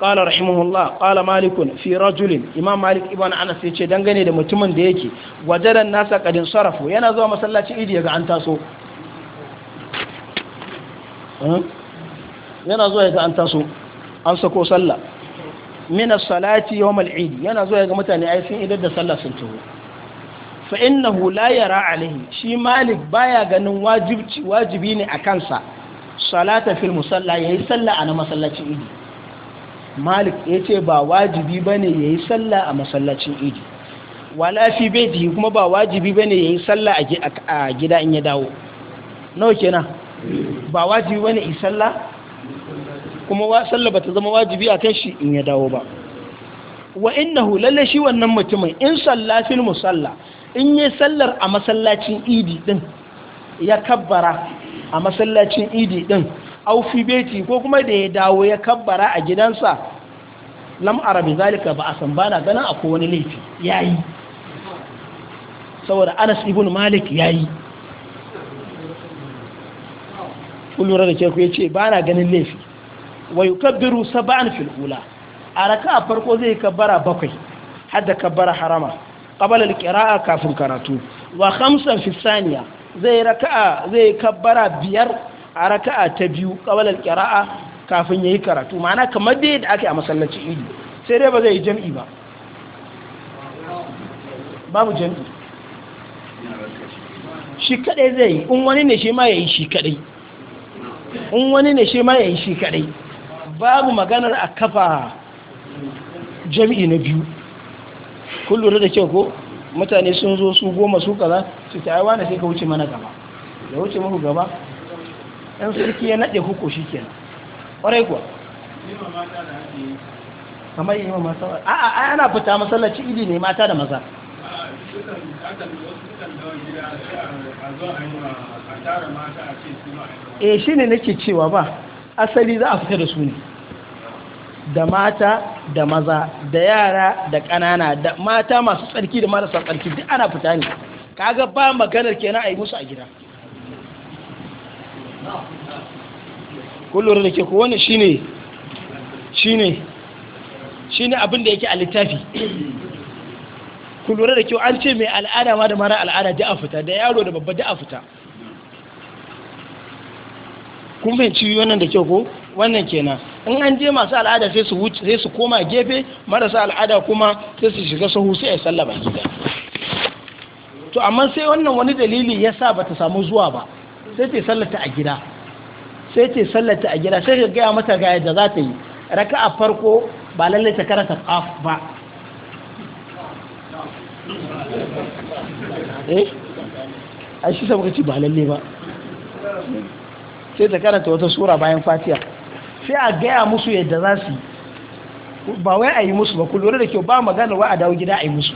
قال رحمه الله قال مالك في رجل إمام مالك ابن أنس يتشي دنغني دا متمن دا يكي وجد الناس قد انصرفوا ينا زوا مسلاة إيدي يقع أن تاسو ينا زوا يقع أن تاسو أنسكو صلى Mina salati yawm al-eid yana zo ya ga mutane ai sun idar da sallah sun taho fa innahu la yara alaihi shi malik baya ganin wajibi wajibi ne a kansa salata fil musalla yayi sallah a na masallacin idi malik yace ba wajibi bane yayi sallah a masallacin idi wala fi baiti kuma ba wajibi bane yayi sallah a gida in ya dawo nawa kenan ba wajibi bane yi sallah kuma wa sallah bata zama wajibi a kan shi in ya dawo ba wa innahu lalle shi wannan mutumin in sallafin fil musalla in yi sallar a masallacin idi din ya kabbara a masallacin idi din aufi fi beti ko kuma da ya dawo ya kabbara a gidansa lam arabi zalika ba a san bana ganin akwai wani laifi yayi saboda Anas ibn Malik yayi kullura da ke ku yace bana ganin laifi wa yukabbiru sab'an fil ula a raka'a farko zai kabbara bakwai hadda kabbara harama qabala al-qira'a kafin karatu wa khamsan fi thaniya zai raka'a zai kabbara biyar a raka'a ta biyu qabala al-qira'a kafin yayi karatu ma'ana kamar dai da ake a masallaci idi sai dai ba zai yi jami'i ba babu jami'i shi kadai zai yi in wani ne shi ma yayi shi kadai in wani ne shi ma yayi shi kadai babu maganar a kafa jami'i na biyu kullum da kyau ko mutane sun zo su goma su kaza su ta aiwa na sai ka wuce mana gaba da wuce muku gaba ɗan sarki ya naɗe huko shi nan. ƙwarai kuwa kamar yi mata a a ana fita masallaci idi ne mata da maza e shi ne nake cewa ba asali za a fita da su ne da mata da maza da yara da ƙanana da mata masu tsarki da marasa tsarki duk ana fita ne kaga ba maganar kenan a yi musu a gida kullum da ke kowane shine shine shine abin da yake a littafi kullum da kyau an ce mai al'ada ma da mara al'ada da a fita da yaro da babba da a fita kun fahimci wannan da kyau ko wannan kenan in an je masu al'ada sai su wuce sai su koma gefe marasa al'ada kuma sai su shiga sahu sai a sallah baki da to amma sai wannan wani dalili ba bata samu zuwa ba sai ta sallata a gida sai ta sallata a gida sai ka gaya mata ga yadda za ta yi raka'a farko ba lalle ta karanta qaf ba eh ai shi saboda ci ba lalle ba sai ta karanta wata sura bayan fatiha sai a gaya musu yadda za su ba wai a yi musu ba ku lura da kyau ba magana wa a dawo gida a yi musu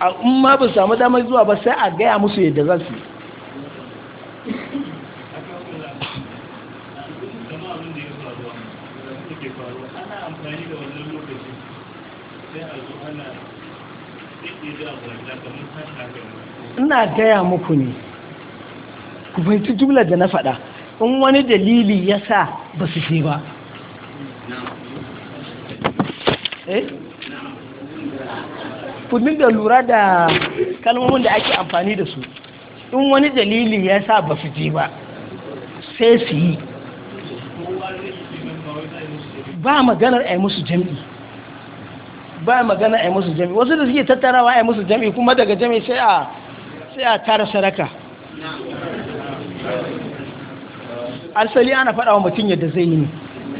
a umma ba samu damar zuwa ba sai a gaya musu yadda za su ina gaya muku ne ku fahimci jumlar da na faɗa in wani dalili ya sa ba su je ba eh? kudin da lura da kalmomin da ake amfani da su in wani dalili ya sa ba su je ba sai su yi ba maganar a yi musu jam'i ba maganar a yi musu jami'i wasu da suke tattarawa a yi musu jami'i kuma daga jami'i sai a tara saraka asali ana faɗa wa mutum yadda zai yi ne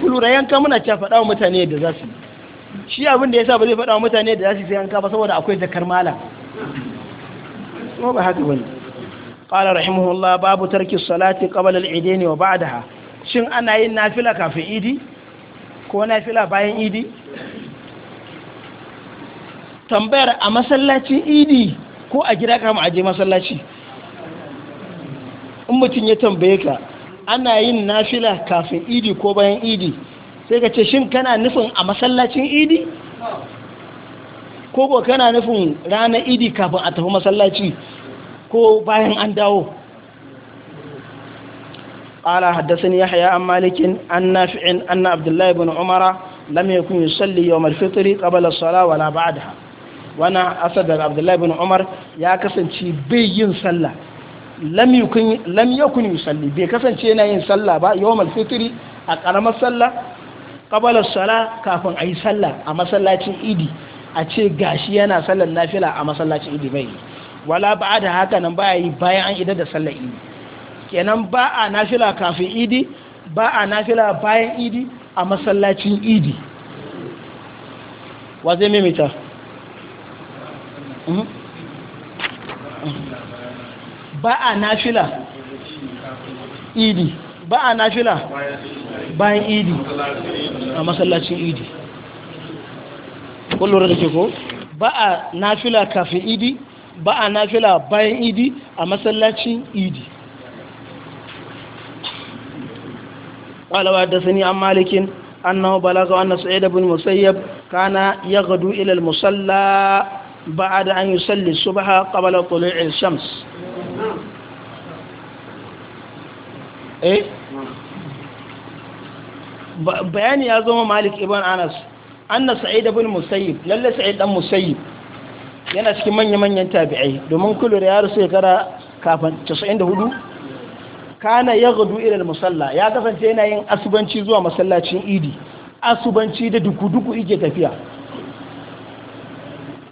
kulura yanka muna cewa faɗa wa mutane yadda za su shi abin da ya sa ba zai faɗa wa mutane yadda za su yi yanka ba saboda akwai zakar mala kuma ba haka bane qala rahimahullah babu tarki salati qabla al-idaini wa ba'daha shin ana yin nafila kafin idi ko nafila bayan idi tambayar a masallacin idi ko a gida kama aje masallaci in mutum ya tambaye ka ana yin nafila kafin idi ko bayan idi sai ka ce shin kana nufin a masallacin idi? ko ko kana nufin ranar idi kafin a tafi masallaci ko bayan an dawo Ƙara haddasa ya haya an malikin an nafi'in an na abdullahi bin umara lam yakun yi salli yau fitiri ƙabalar sala wala ba'ada wana asadar abdullahi bin umar ya kasance bai yin sallah lam yakun yusalli bai kasance yana yin sallah ba yawmal fitri a karamar sallah qabala sala kafin ayi sallah a masallacin idi a ce gashi yana sallar nafila a masallacin idi bai wala ba da haka nan ba yi bayan an idar da sallar idi kenan ba a nafila kafin idi ba a nafila bayan idi a masallacin idi wa zai mimita hmm? ba a nafila idi ba a nafila bayan idi a masallacin idi kullum da ke ko ba a nafila kafin idi ba a nafila bayan idi a masallacin idi ƙwalawa da sani an malikin annahu balaga ɗaya da bin musayyab kana ya ila ilal musalla ba a da an ba ha ƙabalar ƙulun shams Eh? bayani ya zama malik ibn anas anna sa'id ibn musayyib lalle sa'id dan musayyib yana cikin manya-manyan tabi'ai domin kullu da ya rasu shekara kafin 94 kana yaghdu ila al-musalla ya kasance yana yin asubanci zuwa masallacin idi asubanci da duku-duku yake tafiya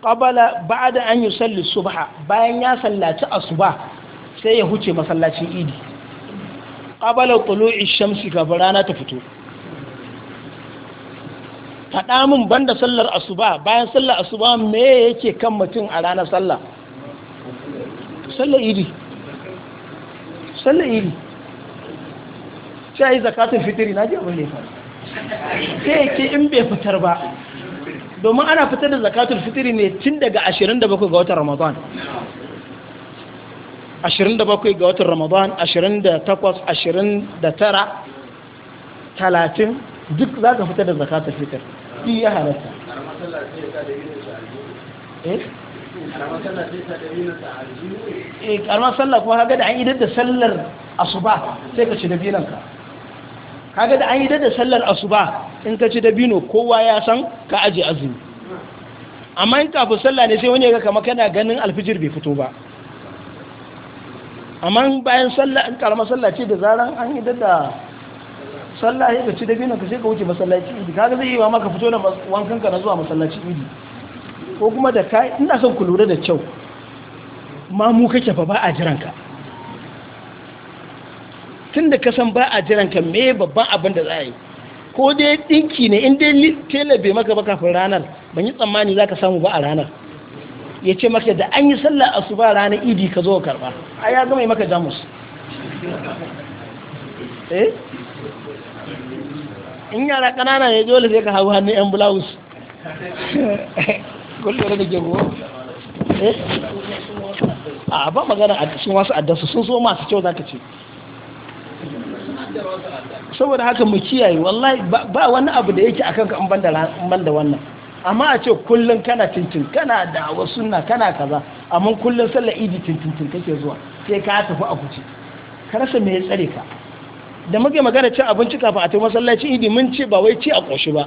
qabala ba'da an yusalli subha bayan ya sallaci asuba sai ya huce masallacin idi qabala tulu'i shamsi ga rana ta fito faɗa min banda sallar asuba bayan sallar asuba me yake kan mutum a ranar sallah sallar idi sallar idi sai zakatun fitiri na ji abin da ya sai yake in bai fitar ba domin ana fitar da zakatun fitiri ne tun daga 27 ga watan ramadan 27 ga watan ramadan 28 29 30 duk za ka fita da zakatar fitar shi ya halatta eh? Eh, karamar sallah kuma kaga da an yi da sallar asuba sai ka ci da dabinanka kaga da an yi da sallar asuba in ka ci da bino kowa ya san ka aji azumi amma in kafin sallah ne sai wani ya ga kama kana ganin alfijir bai fito ba amma bayan sallah in karama sallah ce da zaran an yi da sallah ya gaci da biyu ka sai ka wuce masallaci idi kaga zai yi wa maka fito da wankan ka na zuwa masallaci idi ko kuma da kai ina son ku lura da kyau ma mu kake fa ba a jiran ka tunda ka san ba a jiran ka me babban abin da za a yi ko dai dinki ne in dai tela bai maka ba kafin ranar ban yi tsammani zaka samu ba a ranar ya ce maka da an yi sallah a su ba ranar idi ka zo karba a ya gama maka jamus eh in yara ƙanana ne dole sai ka hau hannun yan bulawus kullum da ke eh a ba magana a cikin wasu addasu sun so masu kyau za ka ce saboda haka mu kiyaye wallahi ba wani abu da yake akan ka an banda wannan amma a ce kullum kana cincin kana da wasu na kana kaza amma kullum sallar idi cincin kake zuwa sai ka tafi a kuce ka rasa me ya tsare ka da muke magana cin abinci kafin a tafi masallaci idi mun ce ba wai ci a ƙoshi ba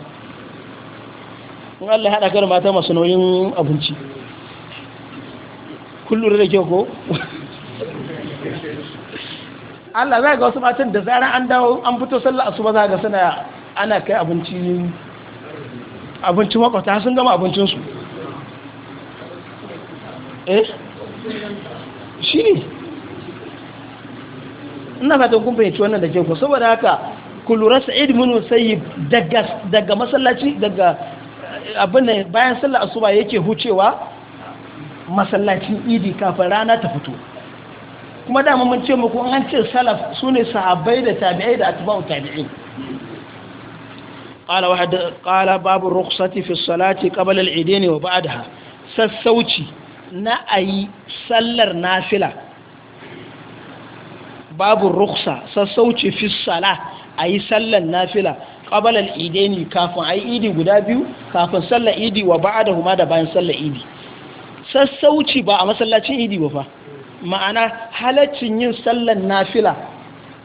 in Allah haɗa kar mata masu nauyin abinci kullum da ke ko Allah za ga wasu matan da zarar an dawo an fito sallar asuba za ga suna ana kai abinci abincin makwata sun gama abincinsu eh shi ne ina fatan kun fahimci wannan da ke ku saboda haka ku lura sa'id munu sayi daga masallaci daga abin bayan sallar asuba yake hucewa masallacin idi kafin rana ta fito kuma dama mun ce muku an ce salaf su ne sahabbai da tabi'ai da atba'u tabi'in قال واحد قال باب الرخصة في الصلاة قبل العيدين وبعدها sassauci na a yi sallar nafila babu ruksa sassauci fi sala a yi sallar nafila ƙabalar ideni kafin a idi guda biyu kafin sallar idi wa ba'a huma da bayan sallar idi sassauci ba a masallacin idi ba fa ma'ana halaccin yin sallar nafila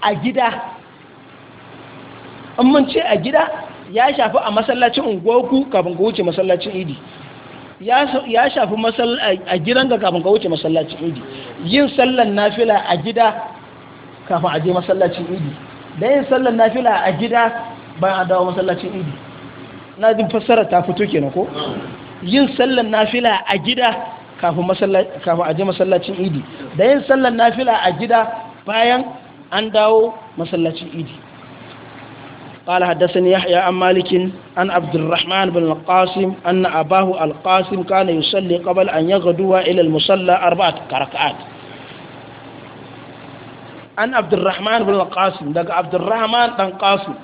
a gida an ce a gida ya shafi a masallacin unguwarku kafin ka wuce masallacin idi ya shafi a gidan ga kafin ka wuce masallacin idi yin sallan nafila a gida kafin a je masallacin idi da yin sallan nafila a gida bayan a dawo masallacin idi na jin fassara ta fito kenan ko yin sallan nafila a gida kafin a je masallacin idi da yin sallan nafila a gida bayan an dawo masallacin idi قال حدثني يحيى عن مالك عن عبد الرحمن بن القاسم أن أباه القاسم كان يصلي قبل أن يغدو إلى المصلى أربعة ركعات عن عبد الرحمن بن القاسم دق عبد الرحمن بن قاسم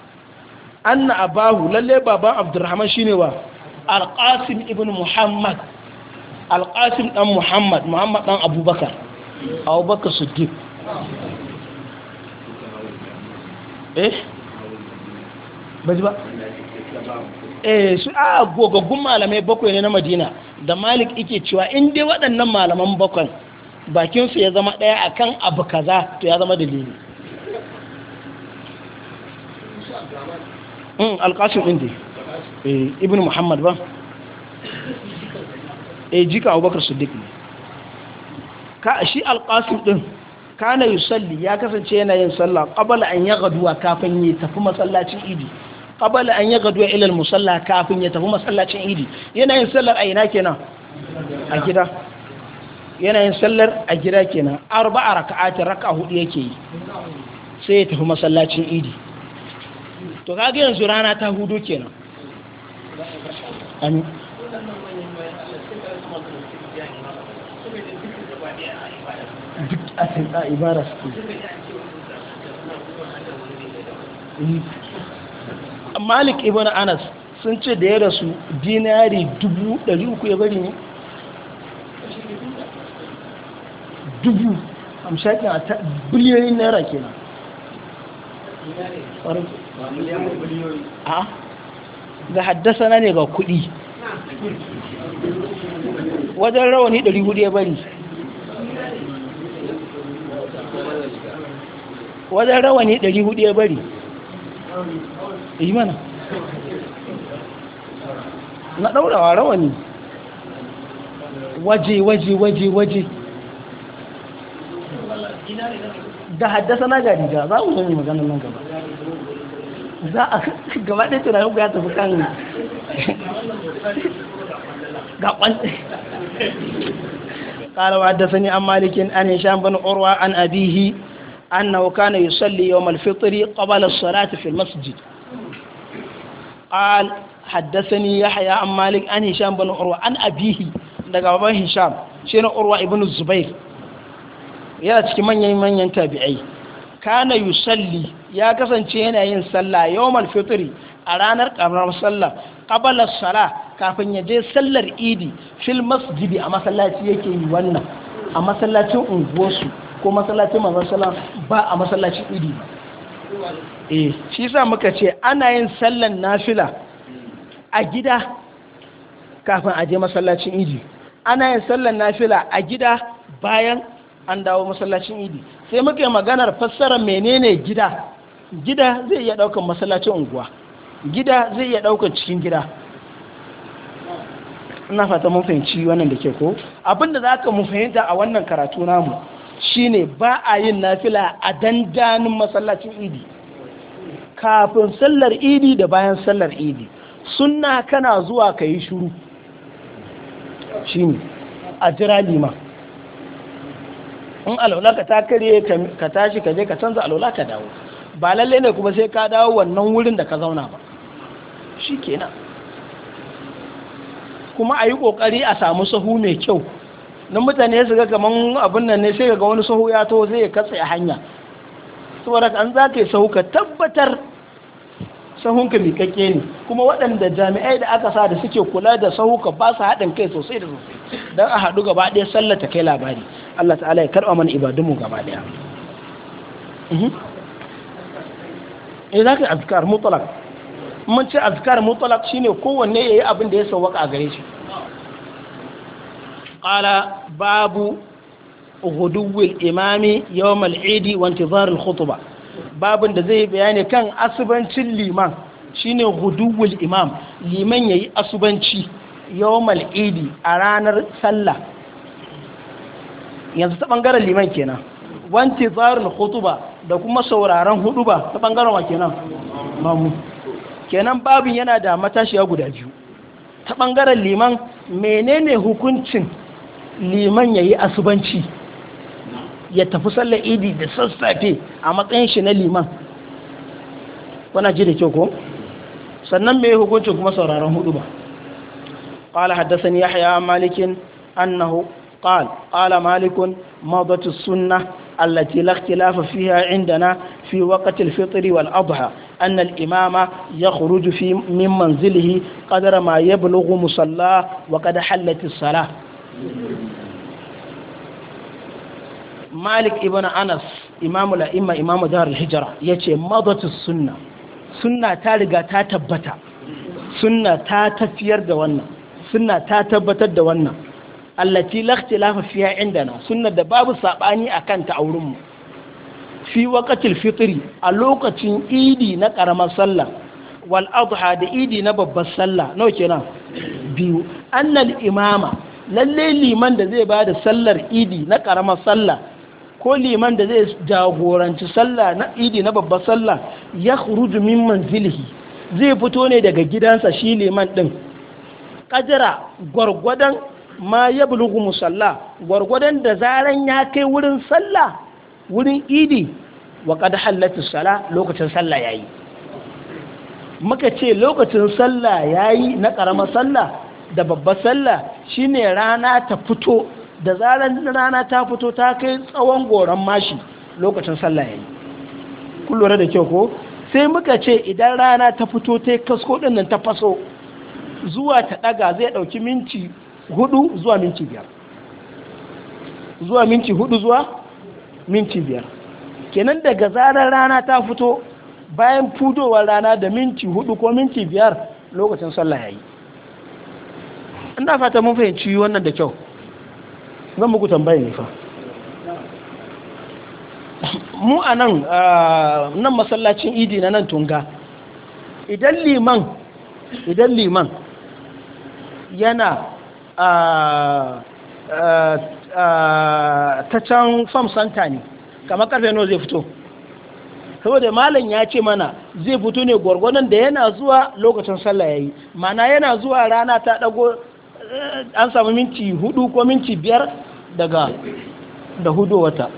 أن أباه للي بابا عبد الرحمن شنو القاسم ابن محمد القاسم بن محمد محمد بن أبو بكر أبو بكر الصديق إيه baji ba eh su a gogaggun malamai bakwai ne na madina da malik ike cewa in dai waɗannan malaman bakwai bakinsu ya zama ɗaya akan abu kaza to ya zama dalili hmm, alƙashin indi eh, ibn muhammad ba e jika abubakar duk ne ka shi alƙashin ɗin kana salli ya kasance yana yin sallah qabala an gaduwa kafin yi tafi masallacin idi qabala an yi yaghdu ila al-musalla kafin ya tafi masallacin idi yana yin sallar a ina kenan a gida yana yin sallar a gida kenan arba'a raka'atin raka'a hudu yake yi sai ya tafi masallacin idi to kaga yanzu rana ta hudu kenan amin duk a ibara su malik ibn anas sun ce da ya rasu dinari dubu ɗari uku ya bari ne dubu amshakin a biliyoyin naira kenan a ga haddasa na ne ga kuɗi wajen rawani ɗari hudu ya bari wajen rawani ɗari hudu ya bari yi mana na ɗaurawa rawani waje waje waje waje da haddasa na gari da za mu zama maganin nan gaba za a gaba ɗaya tunanin ya tafi kan gaɓan قال وحدثني عن مالك عن هشام بن عروة عن أبيه أنه كان يصلي يوم الفطر قبل الصلاة في المسجد قال حدثني يحيى عن مالك عن هشام Urwa an abihi daga baban hisham shi urwa ibn zubair yana cikin manyan manyan tabi'ai kana yusalli ya kasance yana yin sallah yawmal fitri a ranar karamar sallah ƙabalar sala kafin ya je sallar idi fil masjidi a masallaci yake yi wannan a masallacin unguwarsu ko masallacin manzon sallah ba a masallacin idi eh shi sa muka ce ana yin sallan nafila a gida kafin a je masallacin idi ana yin sallan nafila a gida bayan an dawo masallacin idi sai muka yi maganar fassara menene gida gida zai iya daukan masallacin unguwa gida zai iya daukan cikin gida ina fata mun fahimci wannan da ke ko abinda za ka mu fahimta a wannan karatu namu shine ba a yin nafila a dandanin masallacin idi kafin sallar idi da bayan sallar idi sunna kana zuwa ka yi shuru shine a jira liman in alwala ka ta kare ka tashi ka je ka canza alwala ka dawo ba lalle ne kuma sai ka dawo wannan wurin da ka zauna ba shi kenan kuma a yi ƙoƙari a samu sahu mai kyau don mutane su ga kaman abin nan ne sai ga wani sahu ya to zai katse a hanya saboda an za ka yi sahu ka tabbatar sahunka mikakke ne kuma waɗanda jami'ai da aka sa da suke kula da ka ba su haɗin kai sosai da sosai don a haɗu gaba ɗaya ta kai labari Allah ta'ala ya karɓa mana ibadunmu gaba ɗaya mhm. eh za ka yi azkar mutalak mun ce azkar mutalak shine kowanne ya yi abin da ya sauwaka a gare shi qala babu huduwil imami yawmal idi wa intizarul khutba babin da zai bayani kan asubancin liman shi ne huduwil imam liman yayi asubanci yawmal idi a ranar sallah yanzu ta bangaren liman kenan wanti zarin hutuba da kuma sauraron huduba ta bangaren wa kenan mamu kenan babin yana da matashiya guda biyu ta bangaren liman menene hukuncin liman ya yi asubanci ya tafi sallar idi da sassafe a matsayin shi na liman kuna ji da kyau ko sannan mai hukuncin kuma sauraron hudu ba ƙala haddasan ya haya malikin annahu ƙala malikun mawadatu sunna allati lakilafa fiha indana fi waqatil fitri wal adha أن الإمام يخرج في من منزله ma ما يبلغ مصلى وقد حلت الصلاة malik ibn anas imamu la'imma imamu jihar hijira ya ce mazatus sunna sunna ta riga ta tabbata sunna ta tafiyar da wannan sunna ta tabbatar da wannan allati lakti lafafiya inda na sunna da babu saɓani a kanta a wurinmu fi wakatil fitri a lokacin idi na ƙaramar sallah wal adha da idi na babbar sallah nawa kenan biyu annal imama lalle liman da zai bada sallar idi na karamar sallah ko liman da zai jagoranci sallah na idi na babbar sallah ya khuruju min manzilihi zai fito ne daga gidansa shi liman din Kajara gwargwadon ma ya bulugu musalla gwargwadon da zaran ya kai wurin sallah wurin idi wa qad hallatu sala lokacin sallah yayi muka ce lokacin sallah yayi na karamar sallah da babbar sallah shine rana ta fito da zarar rana ta fito ta kai tsawon goron mashi lokacin sallah ya yi, da kyau ko sai muka ce idan rana ta fito ta kasko din nan ta faso zuwa ta daga zai ɗauki minti hudu zuwa minti biyar zuwa minti hudu zuwa minti biyar kenan daga zarar rana ta fito bayan fudowar rana da minti hudu ko minti biyar lokacin sallah yi. ina fata mun fahimci wannan da kyau zan muku tambaya ne fa mu a ah, nan masallacin idi na nan tunga idan liman idan liman yana ah, ah, ta can fam santa ne kamar karfe nawa zai fito saboda malam ya ce mana zai fito ne gwargwadon da yana zuwa lokacin sallah yi, mana yana zuwa rana ta dago an samu minti hudu ko minti biyar daga da hudu wata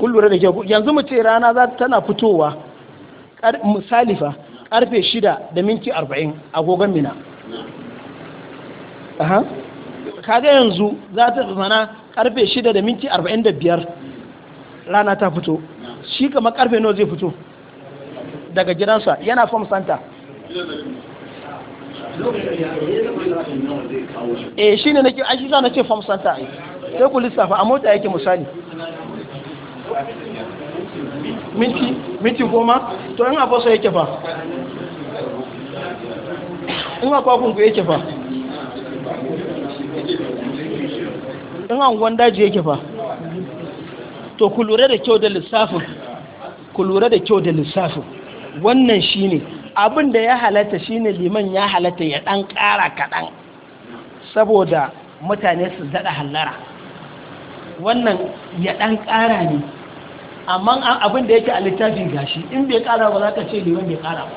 kun da kyau yanzu mu ce rana za tana fitowa misalifa karfe shida da minti arba'in agogon mina kaga yanzu za ta mana karfe shida da minti arba'in da biyar rana ta fito shi kama karfe nawa zai fito daga gidansa yana fom santa eh shi ne nake ashi za na ce form center ai sai ku lissafa a mota yake misali minti minti goma to in akwai so yake fa in akwai ku yake fa in gwan daji yake fa to ku lura da kyau da lissafin ku lura da kyau da lissafin wannan shine abin da ya halatta shine liman ya halatta ya ɗan ƙara kaɗan saboda mutane su daɗa hallara wannan ya ɗan ƙara ne amma abin da yake a littafi gashi in bai ƙara ba za ka ce liman bai ƙara ba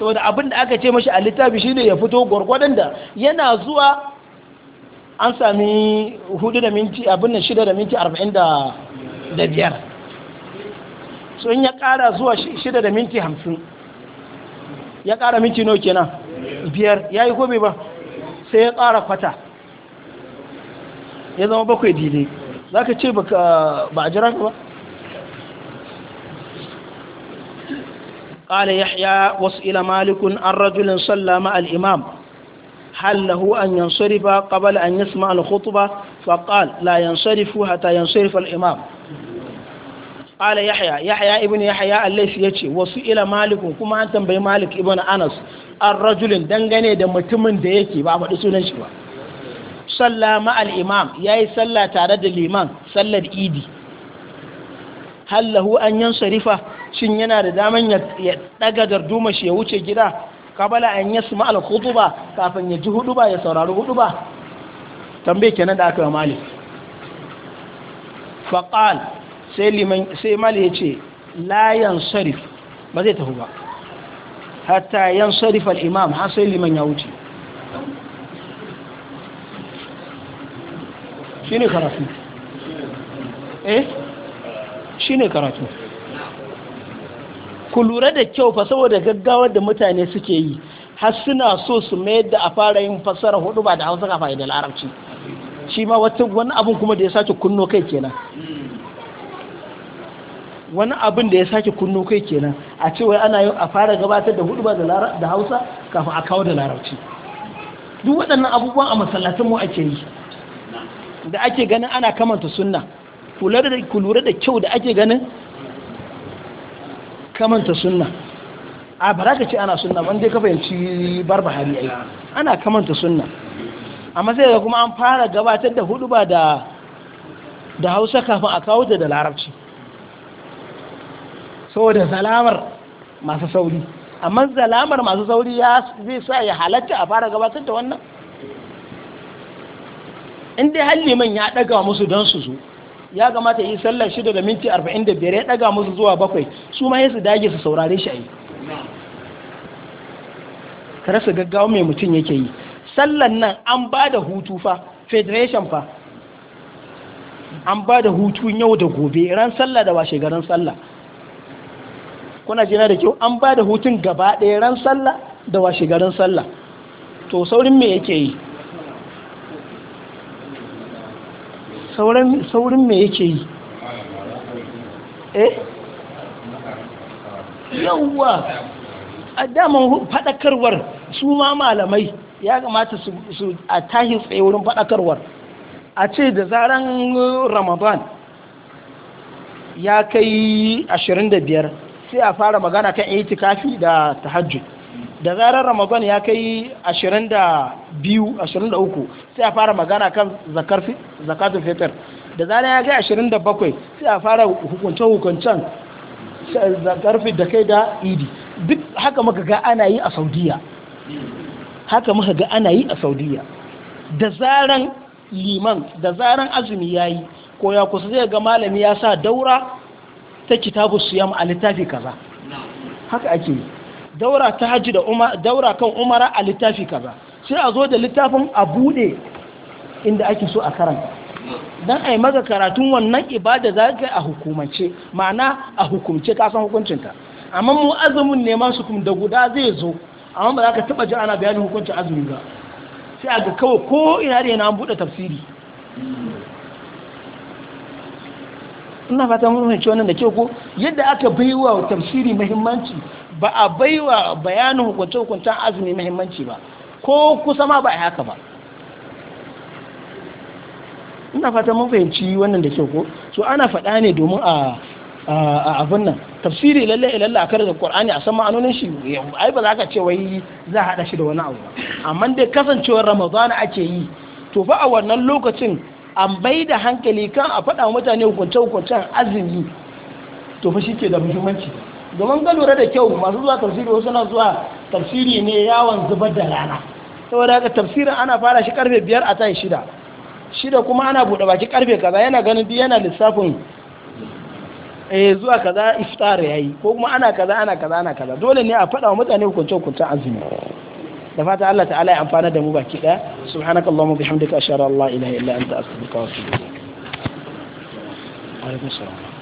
saboda abin da aka ce mashi a littafi shine ya fito gwargwadon da yana zuwa an sami hudu da minti abin da shida da minti arba'in da biyar so in ya ƙara zuwa shida da minti hamsin ya ƙara minti nau kenan biyar ya yi gobe ba sai ya ƙara kwata ya zama bakwai dile za ka ce ba a jiranka ba ƙala yahya haya wasu ilamalikun an rajulun sallama al’imam hallahu an yansari ba ƙabal an yasma al-khutu ba faƙal la yansari fuhata yansari imam قال Ibn Yahaya a laifi ya ce wasu ila malikun kuma an tambayi malik ibn anas an rajulin dangane da mutumin da yake ba faɗi sunan shi ba salla Ma'al al-imam yayi sallah tare da liman sallar idi hallahu an yansarifa shin yana da damar ya daga darduma shi ya wuce gida kabala an yasma al-khutba kafin ya ji huduba ya saurari huduba tambaye kenan da aka yi malik faqal sai mali ya ce layan sarif ba zai tafi ba hatta yan sarif al'imam har sai liman ya wuce shi ne karatu eh shi ne karatu ku lura da kyau fa saboda gaggawar da mutane suke yi har suna so su mayar da a fara yin fassara hudu ba da hausa kafa da larabci shi ma wata wani abin kuma da ya sace kunno kai kenan wani abin da ya sake kunno kai kenan a cewa ana yin a fara gabatar da hudu ba da hausa kafin a kawo da larabci duk waɗannan abubuwan a masallatan mu ake yi da ake ganin ana kamanta sunna ku da kyau da ake ganin kamanta sunna a bara ka ce ana sunna ban dai ka fahimci barbahari ai ana kamanta sunna amma sai ga kuma an fara gabatar da hudu ba da da hausa kafin a kawo da larabci saboda zalamar masu sauri amma zalamar masu sauri ya zai sa ya halatta a fara gabatar da wannan in dai halli man ya daga musu don su zo ya gamata yi sallar shida da minti arba'in da biyar ya daga musu zuwa bakwai su ma su dage su saurare shi a yi kare su gaggawa mai mutum yake yi sallar nan an ba da hutu fa federation fa an ba da hutun yau da gobe ran sallah da washe garin sallah kuna na da kyau an ba da hutun gaba ɗaya ran sallah da washe garin sallah to saurin me yake yi saurin me yake yi eh yawwa a daman faɗakarwar su ma malamai ya kamata su a tahi tsaye wurin faɗakarwar a ce da zaran ramadan ya kai biyar. sai a fara magana kan itikafi da tahajjud da zarar ramadan ya kai 22 23 sai a fara magana kan zakar zakatul fitr da zarar ya kai 27 sai a fara hukunce hukuncen zakar da kai da idi duk haka muka ga ana yi a saudiya haka muka ga ana yi a saudiya da zarar liman da zarar azumi yayi ko ya kusa zai ga malami ya sa daura ta kitabu siyam a littafi kaza haka ake daura ta hajji da daura kan umara a littafi kaza sai a zo da littafin a bude inda ake so a karanta a ai maka karatun wannan ibada za ka a hukumance ma'ana a hukumce kasan hukuncinta amma mu azumin neman su kuma da guda zai zo amma ba za ka taba ji ana bayanin hukuncin azumin ba sai a ga kawai ko ina da yana buɗe tafsiri ina fata mun fahimci wannan da kyau ko yadda aka baiwa tafsiri muhimmanci ba a baiwa bayanin hukunce hukuncen azumi muhimmanci ba ko kusa ma ba a haka ba ina fata mun fahimci wannan da kyau ko so ana faɗa ne domin a a abin nan tafsiri lalle lalle a karin qur'ani a san ma'anonin shi ai ba za ka ce wai za a hada shi da wani abu ba amma dai kasancewar ramadan ake yi to fa a wannan lokacin an bai da hankali kan a faɗa mutane hukunce-hukuncen azumi to fa shi ke da muhimmanci domin ga lura da kyau masu zuwa tafsiri wasu na zuwa tafsiri ne yawon zubar da rana saboda haka tafsirin ana fara shi karfe biyar a tayi shida shida kuma ana buɗe baki karfe kaza yana ganin duk yana lissafin eh zuwa kaza iftar yayi ko kuma ana kaza ana kaza ana kaza dole ne a faɗa wa mutane hukunce-hukuncen azumi da fata Allah ta'ala ya amfana da mu baki daya subhanakallahumma bihamdika ashhadu an la ilaha illa anta astaghfiruka wa atubu ilaik